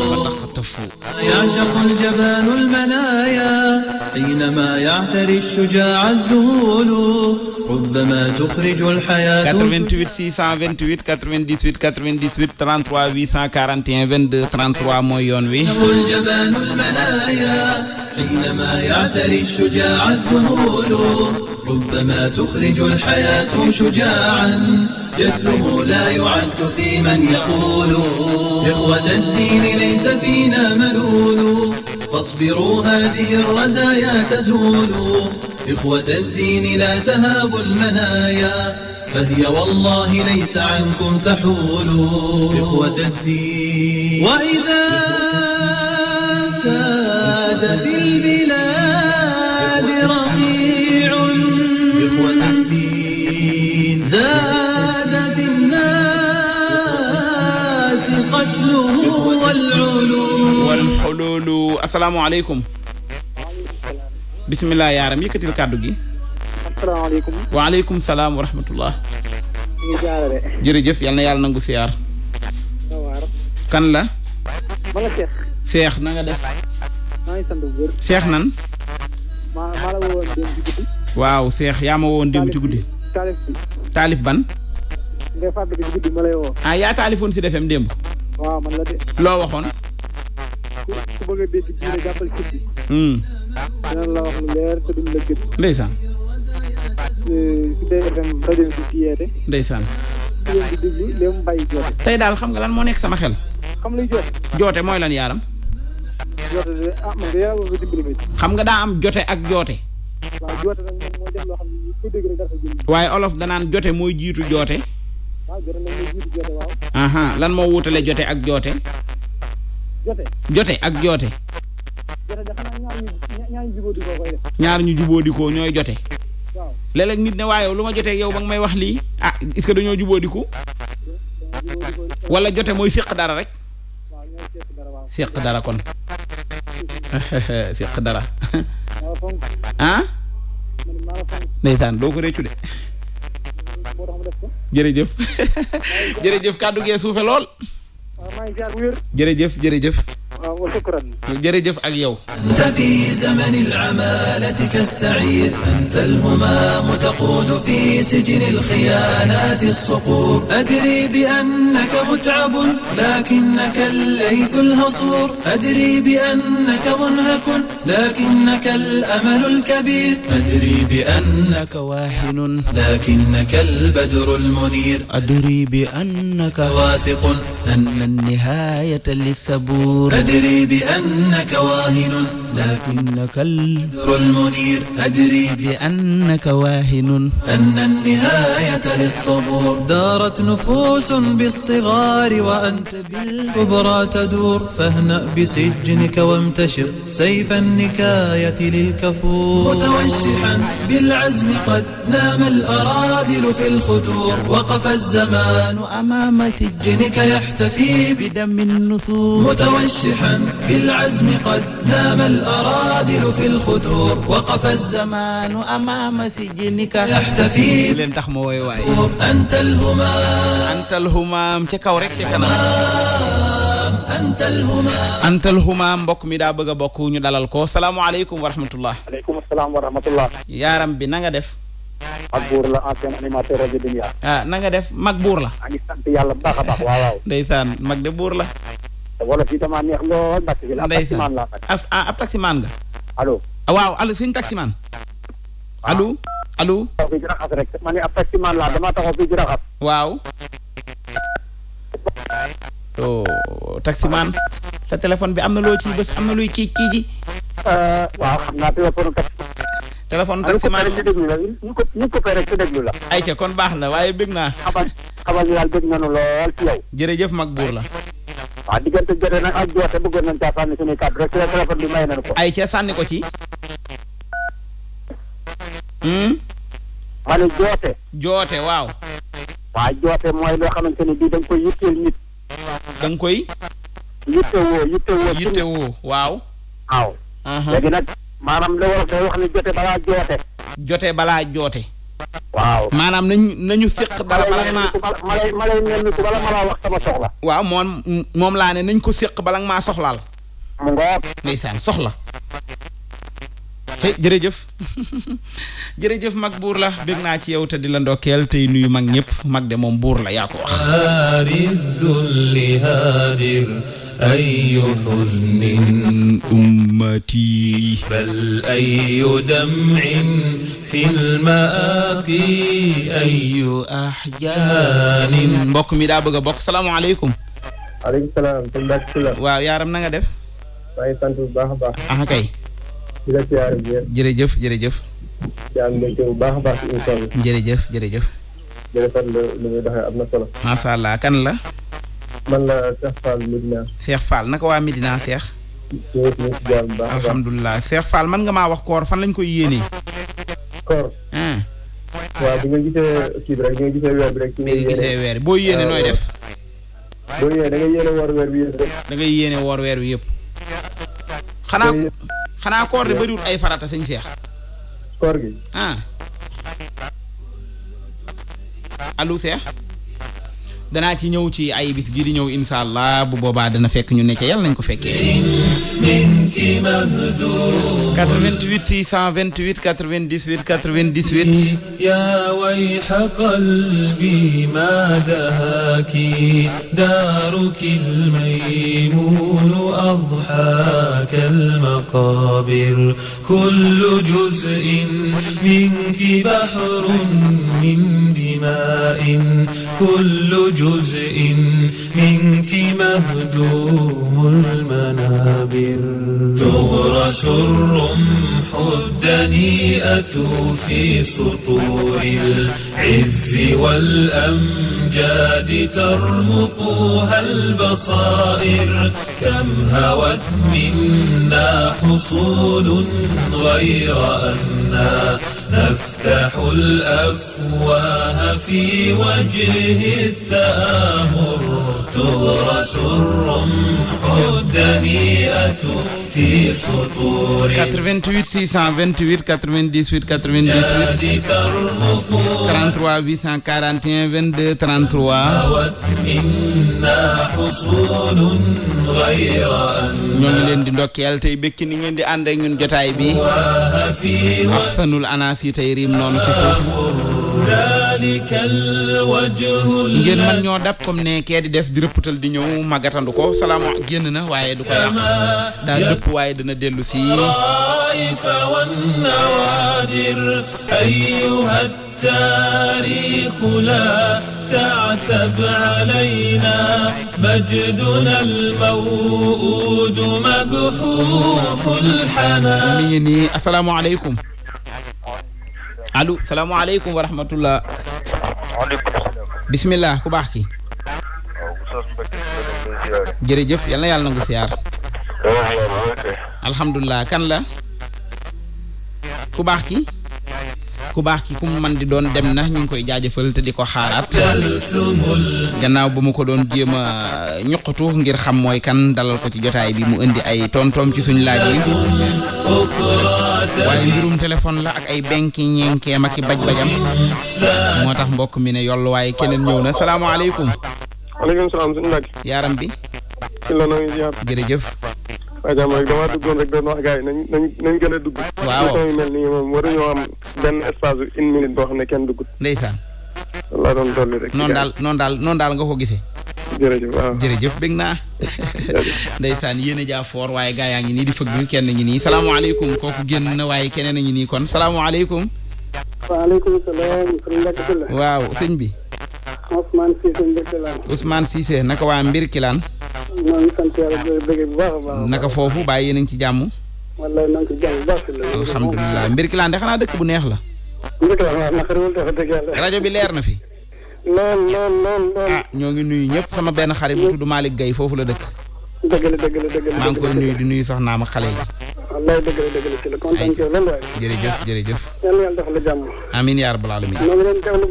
fa taqtafu حينما يعتري الشجاع الذهول ربما تخرج الحياة 88 628 98 98 33 841 22 33 mooy yoon wi الجبان المنايا حينما يعتري الشجاع الذهول ربما تخرج الحياة شجاعا جده لا يعد في من يقول إخوة الدين ليس فينا ملول فاصبروا هذه الرزايا تزول إخوة الدين لا تهاب المنايا فهي والله ليس عنكم تحول إخوة الدين وإذا allo asalaamaaleykum. bisimilah yaaram yëkkatil kàddu gi. asalaamaaleykum. salaam wa rahmatullah. yàlla nangu siyaar. la. man la Cheikh. Cheikh na waaw Cheikh yaa ma woowoon démb ci guddi. taalif bi taalif ban. nga ah, yaa taalifoon si defem démb. loo waxoon. bëgg a dégg diine jàppal kër hmm. eh, tey daal xam nga lan moo nekk sama xel. xam luy joote. mooy lan yaaram. joote de ah xam nga daa am jote ak joote. waaw joote nag moom ne waaye olof danaan jote mooy jiitu joote. waaw jote mooy jiitu joote lan moo wutale jote ak joote. jote ak joote ñaar ñu jubóodikoo ñooy jote léeg-léeg nit ne waaye lu ma jotee yow ba nga may wax lii ah est-ce que dañoo jubóodiku wala jote mooy séq dara rek séq dara kon séq dara ah ndeysaan doo ko réccu de jërëjëf jërëjëf kàddu gee suufe lool jërëjëf jërëjëf wa shukran jërëjëf ak yow anta fi zaman al-amalati kas-sa'ir anta al-humam taqud fi sijn al-khiyanat as-suqur adri bi annaka mut'ab lakinnaka al-layth al-hasur adri bi annaka munhak lakinnaka al-amal al-kabir adri bi annaka waahin lakinnaka al-badr al-munir adri bi annaka wathiq anna an-nihayata lis-sabur أدري بأنك واهن لكنك البدر المنير أدري بأنك واهن أن النهاية للصبور دارت نفوس بالصغار وأنت بالكبرى تدور فاهنأ بسجنك وامتشر سيف النكاية للكفور متوشحا بالعزم قد نام الأراذل في الخدور وقف الزمان أمام سجنك يحتفي بدم النثور متوشحا صالحا بالعزم قد نام الأراذل في الخدور وقف الزمان أمام سجنك يحتفي leen tax ma wooy waay أنت الهمام أنت الهمام ca kaw rek ca kanam antal humaam antal humaam mbokk mi daa bëgg a bokk ñu dalal ko salaamaaleykum wa rahmatullah. aleykum salaam wa rahmatullah. yaaram bi na nga def. mag buur la ancien animateur rajo Dunia. ah na nga def mag buur la. a ngi sant yàlla bu baax a baax waaw waaw. ndeysaan mag de buur la. wolof yi damaa neex lool Mbacke Sylla. ndeysaan ah, ab taximaan nga. allo. waaw allo sëñ taximaan. Ah. allo allo. taxaw fii oh, sa téléphone bi am na loo ci bés am na luy kii kii ji. Euh, waaw xam naa téléphone taximaan. téléphone taximaan ñu la ñu kon baax na waaye bëgg naa. xamal xamal lool jërëjëf mag buur la. waaw diggante jote nag ak joote bëggoon nañ caa sànni suñuy kàddu rek téléphone bi may nañu ko. ay ca sànni ko ci. Hmm? ma ne joote. joote waaw. waaw joote mooy loo xamante ni bii da koy yitteel nit. da koy. yittewoo yittewoo. yittewoo waaw. waaw. léegi nag maanaam la wolof wax ne jote balaa joote. jote balaa joote. waaw maanaam nañu nañu séq dara bala maa malay malay wax sama soxla waaw moom moom laa ne nañ ko séq bala maa soxlaal mu ngoog soxla te jërëjëf jërëjëf mag buur la bég naa ci yow te di la ndokkeel tey nuyu mag ñëpp mag de moom buur la yaa ko wax أي حزن أمتي بل أي دمع في المآقي أي أحزان mbokk mi daa bëgga a bokk salaamaaleykum. waaleykum salaam. waaw yaaram na nga def. waaye sant bu baax a baax. ah kay. jërëjëf jërëjëf. bu baax a baax ci émission bi. jërëjëf jërëjëf. jërëjëf lu macha allah kan la. man la Cheikh Fall Medina. Cheikh Fall naka waa Medina Cheikh. alhamdulilah Cheikh Fall man nga maa wax koor fan lañ koy yéenee. koor. waaw boo yéenee nooy def. boo yéenee yéene woor weer bi yëpp. da ngay xanaa xanaa koor de bëriwul ay farata sañ Cheikh. koor gi. ah. allo danaa ci ñëw ci ay bis gi di ñëw insha allah bu boobaa dana fekk ñu ne ca yàlla nañ ko fekkee 88 628 98 98 ya wayha qalbi ma dahaki daruki almaymun adhaka almaqabir kullu juz'in minki bahrun min dima'in kullu جزء منك مهدوم المنابر تغرس الرمح الدنيئة في سطور العز والأمجاد ترمقها البصائر كم هوت منا حصول غير أن عنا نفتح الأفواه في وجه التآمر تورث الرمح الدنيئة في سطور 88 628 98 98 33 841 22 33 منا حصول غير أن ñoo ngi leen di ndokkeel di ànd jotaay bi ahsanul anaas yi tey riim noonu ci suuf ngeen man ñoo dab comme ne kee di def di rëppatal di ñëw màggatandu ko salaama génn na waaye du ko yàq daal dëpp waaye dana dellu si التاريخ لا تعتب علينا مجدنا الموؤود مبحوح الحنان. asalaamaaleykum allo salaamaaleykum wa rahmatullah. waaleykum bisimilah ku baax ki. jërëjëf yal na yàlla nangu siyaar. alhamdulilah kan la. ku baax ki. ku baax ki ku mu man di doon dem na ñu ngi koy jaajëfal te di ko xaaraat gannaaw ba mu ko doon jéem a ñuqatu ngir xam mooy kan dalal ko ci jotaay bi mu indi ay tontoom ci suñ laaj yi waaye mbirum téléphone la ak ay benki ñeenkeem ak i baj-bajam moo tax mbokk mi ne yollu waaye keneen ñëw na salaamaaleykum aleykum salaam bi ci la waaw jàmm rek damaa duggoon rek doon wax gars yi nañ nañ gën a dugg. waaw émission yu mel nii moom waruñoo am benn espace bu une minute boo xam ne kenn duggut. ndeysaan. laa daal noonu daal nga ko gisee. jërëjëf waaw jërëjëf naa. ndeysaan yéen jaa foor waaye gaa yaa ngi nii di fëgg kenn ngi nii salaamaaleykum kooku génn na waaye keneen a ngi nii kon salaamaaleykum. waaleykum salaam. waaw sëñ bi. Ousmane Cissé naka waa Mbirkilane. naka foofu bàyyi yéen ci jàmm. wallaay maa ngi ci xanaa dëkk bu neex la. mbir ki rajo bi leer na fi. lool lool ah, ñoo ngi nuyu ñëpp sama benn xarit bu tudd Malick Guèye foofu la dëkk. dëgg la dëgg la dëgg la maa ngi koy nuyu la dëgg la ci la kontaan ci lu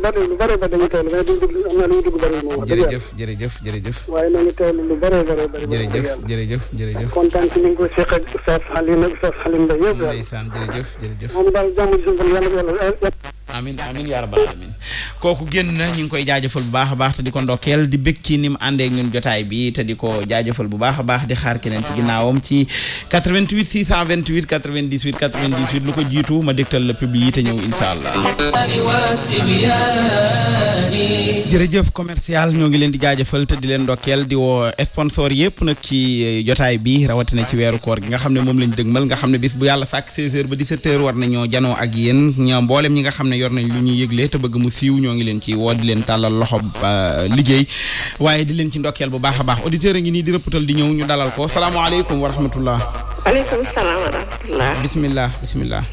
bare lu bare ba dañu teewlu waaye duñ dugg am na lu ñu dugg bëri moom. jërëjëf jërëjëf jërëjëf. waaye ñoo ngi teewlu lu bare bare bëri. jërëjëf jërëjëf jërëjëf. kontaan ci ñu ngi ko seq ak Oustaz Alioune ak Oustaz Alioune Mbaye yëpp. ndeysaan jërëjëf jërëjëf. moom daal jàmm ci suñu yàlla yàlla. kooku génn na ñu ngi koy jaajëfal bu baax a baax te di ko ndokkeel di bëgg ci ni mu àndee ak ñun jotaay bi te di ko jaajëfal bu baax a baax di xaar keneen ci ginnaawam ci 88 628 98 98 lu ko jiitu ma dégtal la public yi ñëw incha allah. jërëjëf commercial ñoo ngi leen di jaajëfal te di leen ndokkeel di woo sponsor yëpp nag ci jotaay bi rawatina ci weeru koor gi nga xam ne moom lañ mal nga xam ne bis bu yàlla sàkk 16h ba 17h war nañoo janoo ak nga xam ne yor nañ lu ñuy yëgle mu siiw ñoo ngi leen ci woo di leen tàllal loxo liggéey waaye di leen ci ndokeel bu baax a baax auditeur a ngi nii di rëppatal di ñëw ñu dalal ko salaamaaleykum wa rahmatullah aleykum salaam wa bismillah bismillah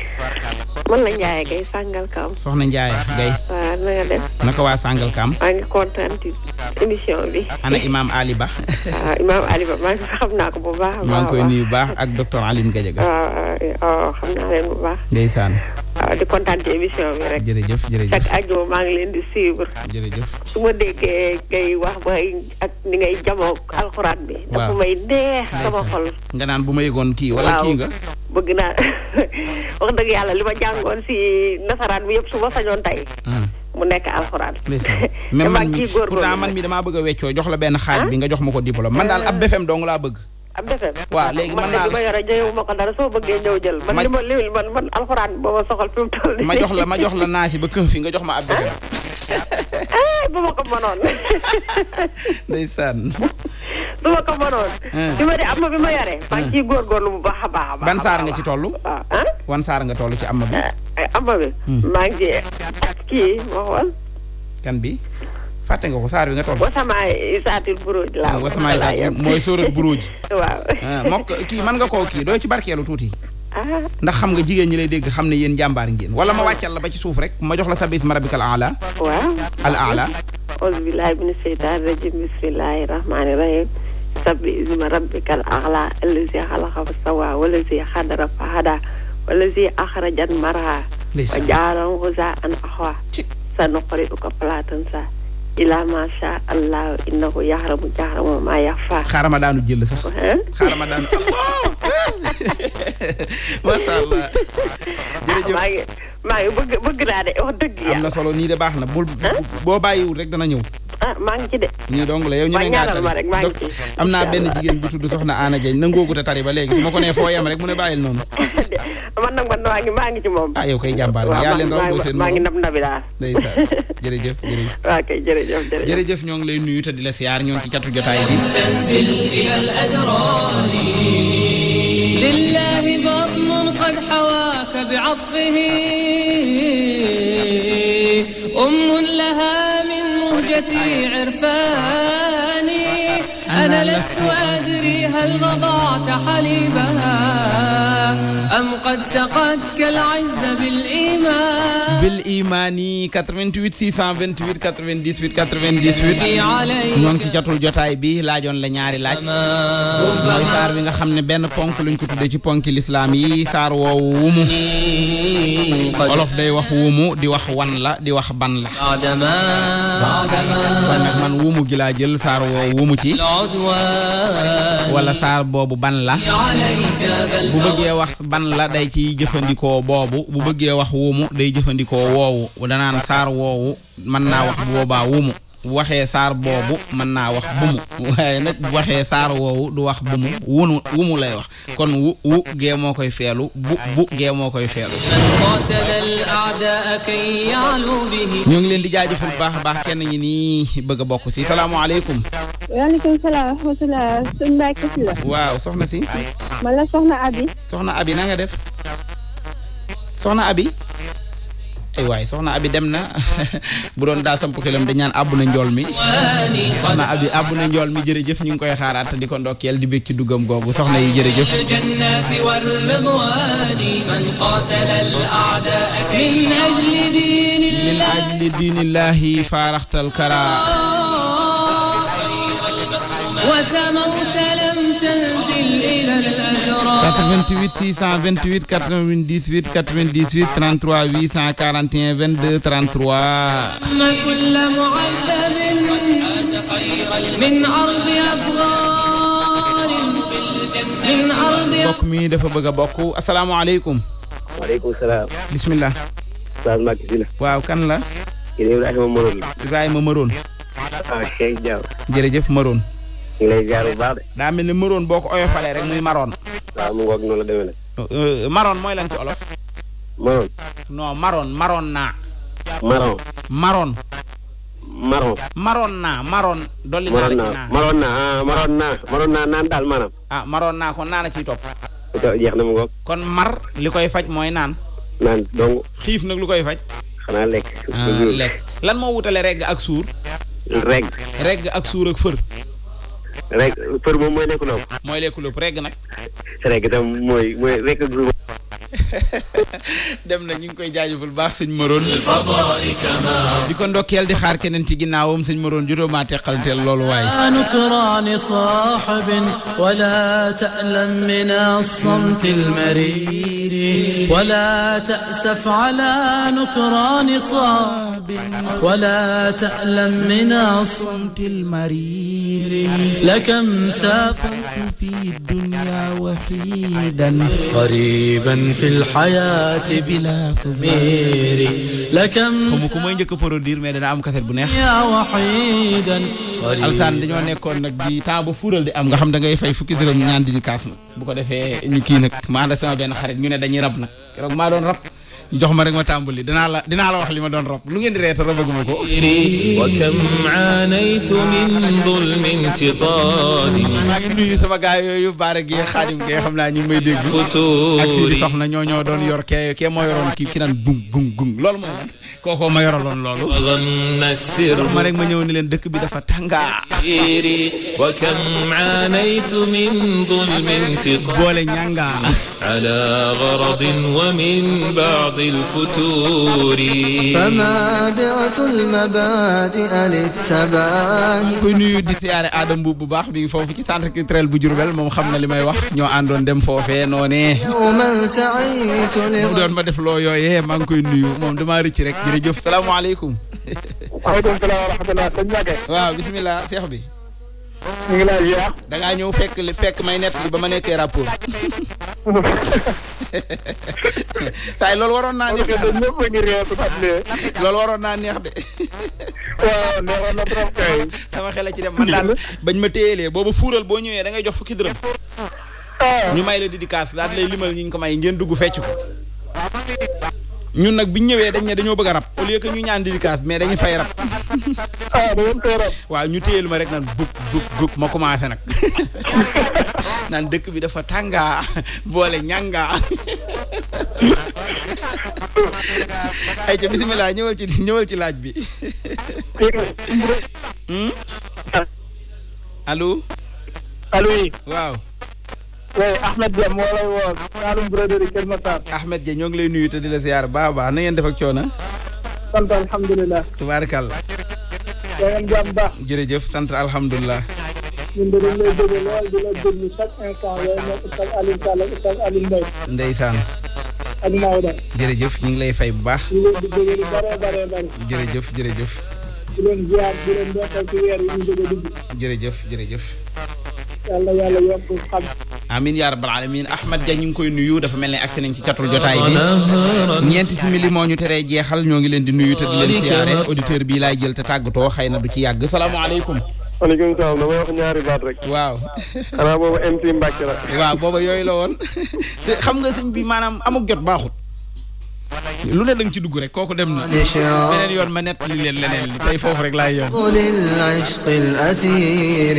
man la Ndiaye Gaye Sangalkam. soxna Ndiaye Gaye. waaw na nga def. naka waa Sangalkam. maa ngi kontaan ci émission bi. ana imaam Ali Ba. waaw imaam Ali Ba maa ngi xam naa ko bu baax. maa ngi koy ak docteur Aline Gadiaga. xam naa leen bu baax. ndeysaan. waaw di kontaan ci émission bi rek. jërëjëf jërëjëf chaque àjjuma maa ngi leen di jërëjëf su ma déggee ngay wax ba ak ni ngay jamoo alxuraan bi. waaw may neex sama xol. nga naan bu ma yëgoon kii wala kii nga. bëgg naa wax dëgg yàlla li ma jàngoon si nasaraan bi yëpp su ma sañoon tey. Hmm. mu nekk alxuraan. mais man mi pourtant man mi damaa bëgg a weccoo jox la benn xaaj ah? bi nga jox ma ko diplôme man daal ab BFM ah. dong laa bëgg. ab defee waaw léegi man de ma yore soo bëggee ñëw jël. man ma li man man alxuraan ba ma soxal fi mu toll ma jox la ma jox la naasi ba kër fi nga jox ma ab defee. Eh, ma ko mënoon. ndeysaan. du ma ko mënoon. li eh. ma di am ma bi ma yore. Eh. maa ngi bu baax a baax ban saara nga ci toll. Ah, ah wan saara nga toll ci am ma bi. am ma bi. Hmm. maa ngi ciy kii ma xool. kan bi. fàtte nga ko saar bi nga toll. wasamaa isaatul buruj laa ah, wasamaa isaatul mooy sóorat waaw ah, mokk kii mën nga koo kii doo ci barkeelu tuuti. Ah. ndax xam nga jigéen ñi lay dégg xam ne yéen jàmbaar ngeen wala ma wàccal la ba ci suuf rek ma jox la sa bis ma rabbikal aala waaw al aala auzubillahi mina sheytaani rajim bismillahi rahmaani rahim sabbi isma rabbikal aala allazi xalaqa fa sawaa wallazi xadara fa hada wallazi axrajan marha wa jaalan xuzaa an axwa sa nuqri uka falaatan sa ilaa macha allah innahu yaxramu jaxramu maa yaxfaa. xaaral ma daanu jël sax. xaaral ma daanu allah macha allah. jërëjëf maa ngi bëgg bëgg naa de wax dëgg yàlla. am na solo nii de baax na bul. boo bàyyiwul rek dana ñëw. ah maa ngi ci de. ñu dong la yow ñu ne ñaata de am naa benn jigéen bu tudd Soxna Ana Dieng nangoo ba léegi su ma ko nee foo yem rek mu ne bàyyil noonu. maa ngi maa ngi ci moom. ah yow kay jàmbaar yaa leen raw boo seen. maa ngi nab nabi daal. ndeysaan jërëjëf jërëjëf. ñoo ngi lay nuyu te di la siyaar ñoo ngi ci catu jotaay bi. قد حواك بعطفه أم لها من مهجتي عرفاني أنا لست أدري هل رضعت حليبها am qad saqatka al-izza bil-iman bil-iman yi 88 628 98 98 ñoo ngi ci jotul jotaay bi laajoon la ñaari laaj mooy saar bi nga xam ne benn ponk luñ ko tuddee ci ponki lislaam yi saar woowu wumu olof day wax wumu di wax wan la di wax ban la kon nag man wumu gi laa jël saar woowu wumu ci wala saar boobu ban la bu bëggee wax ban lan la day ciy jëfandikoo boobu bu bëggee wax wumu day jëfandikoo woowu danaan saar woowu mën naa wax bu boobaa bu waxee saar boobu mën naa wax bu mu waxee saar woowu du wax bu mu wu mu lay wax kon wu wu gee moo koy feelu bu gee moo koy feelu ñoo ngi leen di jaajëfal bu baax baax kenn ñi nii bëgg a bokk si salaamaaleykum waaleykum si waaw soxna si man la soxna abi soxna abi na def soxna abi ay waay soxna abi dem na bu doon daa samp xelam da ñaan àbb na njool mi soxna abi àbb na njool mi jërëjëf ñu ngi koy xaaraat di ko ndokkeel di bég ci duggam googu soxna yi jërëjëf jannati war ridwani man qatala al a'daa min ajli dinillahi min ajli dinillahi faaraxtal kara 88 628 98 98 33 841 22 33 كل معذب من أرض أفغان من أرض mbokk dafa bëgg a bokk asalaamaaleykum. waaleykum salaam. bisimilah. Oustaz Mbacké Sylla. waaw kan la. kii Ibrahima Maroon. Ibrahima Maroon. Ah, Maroon. ñu lay mel ni Maroon boo ko rek muy Maroon. waaw mu ngoog noonu la demee nag. Euh, maroon mooy lan ci olof. maroon. non maroon maroon naa. maroon. maroon. maroon. maroon naa naan daal maanaam. ah maroon naa kon naan a ciy topp. jeex na mu ngoog. kon mar li koy faj mooy naan. naan dong. xiif nag lu koy faj. xanaa lekk. Ah, lekk lan moo wutale regg ak suur. ak suur ak fër. rek për moom mooy e lekk lopp. mooy e lekk lopp rek nag. rek itam mooy mooy rek. dem na ñu ngi koy jaajëfal baax sëñ Morone. di ko ndokkeel di xaar keneen ci ginnaawam sëñ Morone juróomaa teqalteel loolu waaye. ولا تألم من الصمت المرير ولا تأسف على نكران صعب ولا تألم من الصمت المرير لكم سافرت في الدنيا وحيدا غريبا في الحياة بلا خمير لكم xamu ko mooy njëkk a produire mais dana am kaset bu neex waxidan alsaan dañoo nekkoon nag di temps ba fuural di am nga xam da ngay fay fukki dërëm ñaan di ñu kaas nag bu ko defee ñu kii nag ma ànd ak benn xarit ñu ne dañuy rab nag keroog maa doon rab jox ma rek ma tàmbali dinaa la dinaa la wax li ma doon rob lu ngeen di reeta robaguma ko wa kam aanaytu min dulmin tidaadi maa ngi nuyu sama gaa yooyu baare gee xaadim gee xam naa ak si di soxna ñoo ñoo doon yor kee kee moo yoroon kii ki naan gung gung gung loolu ma lan kookoo ma yoraloon loolu jox ma rek ma ñëw ni leen dëkk bi dafa tàngaa wa kam min dulmin tidaadi boole ñàngaa ala garadin wa min الفتور فمابعة المبادئ للتباهي kuy nuyu di siyaare Adam Mbuub bu baax bi foofu ci centre culturel bu Diourbel moom xam na li may wax ñoo àndoon dem foofee noonee mu doon ma def loo yooyee maa ngi koy nuyu moom damaa rëcc rek jërëjëf salaamaaleykum. waaleykum salaam wa rahmatulah sëñ Mbacke. waaw bisimilah seex bi. ñu ngi laaj yaa. ñëw fekk li fekk may nett li ba ma nekkee rapport. saay loolu waroon naa neex waroon naa neex de. waaw neexoon sama xel a ci dem man daal bañ ma téyelee boobu fuural boo ñëwee dangay jox fukki dërëm. Ah. ñu may la dédicace daal lay limal ñi ñu ko may ngeen dugg fecc ñun nag bi ñu ñëwee dañ dañoo bëgg rab au lieu que ñu ñaan dédicace mais dañu fay rab. ah da ñu téyel ma rek naan buk buk buk ma commencé nag naan dëkk bi dafa tànga boole ñàngaa. ay ca bisimilah ñëwal ci ñëwal ci laaj bi. Hmm? Ah. allo. allo. waaw. oui Ahmed Dia ñoo ngi lay nuyu te di la ziar baax a baax na ngeen def ak coono. sant alhamdulilah. tubaarakàlla. da ngeen jàmm baax. jërëjëf sant alhamdulilah. ndeysaan. ak Maodo. jërëjëf ñu ngi lay fay bu baax. ñu leen yàlla yàlla yomb xam. amin yaa rabbal alamin Ahmad Dia ñu ngi koy nuyu dafa mel ne ak nañ ci catul jotaay bi ñeenti simili moo ñu teree jeexal ñoo ngi leen di nuyu te di leen siyaare auditeur bi laay jël te tàggatoo xay na du ci yàgg salaamaaleykum. maaleykum salaam damay wax ñaari baat rek. waaw. xanaa boobu MC Mbacke la. waaw booba yooyu la woon. xam nga sëñ bi maanaam amuk jot baaxut. lu ne da nga ci dugg rek kooku dem na beneen yoon ma nettali leen leneen li tey foofu rek laay yomb للعشق الأثير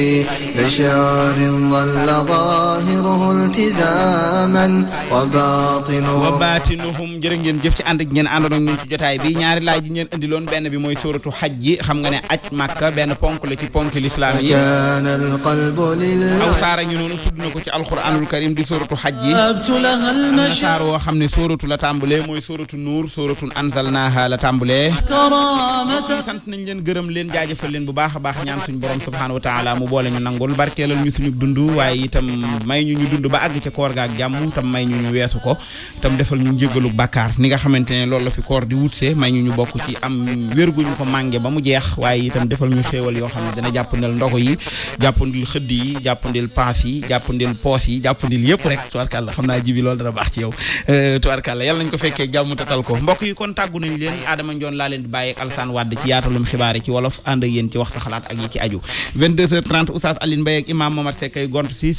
بشعر ظل ظاهره التزاما وباطنه وباطنهم jërë ngeen jëf ci ànd ak ngeen àndoon ak ñun ci jotaay bi ñaari laaj yi ngeen indi loon benn bi mooy sóoratu xaj ji xam nga ne aj màkka benn ponk la ci ponk lislaam yi aw saara ngi noonu tudd na ko ci alquranul karim di sóoratu xaj ji am na saar woo xam ne sóoratu la tàmbalee mooy sóoratu suuratu nuur suuratun anzalnaaha la tàmbulee sant nañ leen gërëm leen jaajëfal leen bu baax a baax ñaan suñu borom subhaanahu wa taala mu boole ñu nangul barkeelal ñu suñu dund waaye itam may ñu ñu dund ba àgg ca koor gaak jàmm tam may ñu ñu weesu ko tam defal ñu njéggalu bàkkaar ni nga xamante ne loolu la fi koor di wutsee may ñu ñu bokk ci am wér gu ñu ko mànge ba mu jeex waaye itam defal ñu xéewal yoo xam ne dina jàppandal ndogo yi jàppandil xëdd yi jàppandil paas yi jàppandil poos yi jàppandil yëpp rek tubarkàlla xam naa jibi loolu dana baax ci yow euh, jàmm ko mbokk yi kon tàggu nañ leen Adama Ndione laa leen di bàyyi ak ci yaatalum xibaar yi ci wolof ànd ak ci wax sa ak yi ci aju 22h30 Oustaz Aline Mbaye ak gont si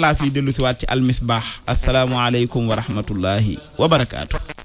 laa fii dellu si waat ci almisbaax asalaamualeykum wa rahmatullahi wa barakaatu.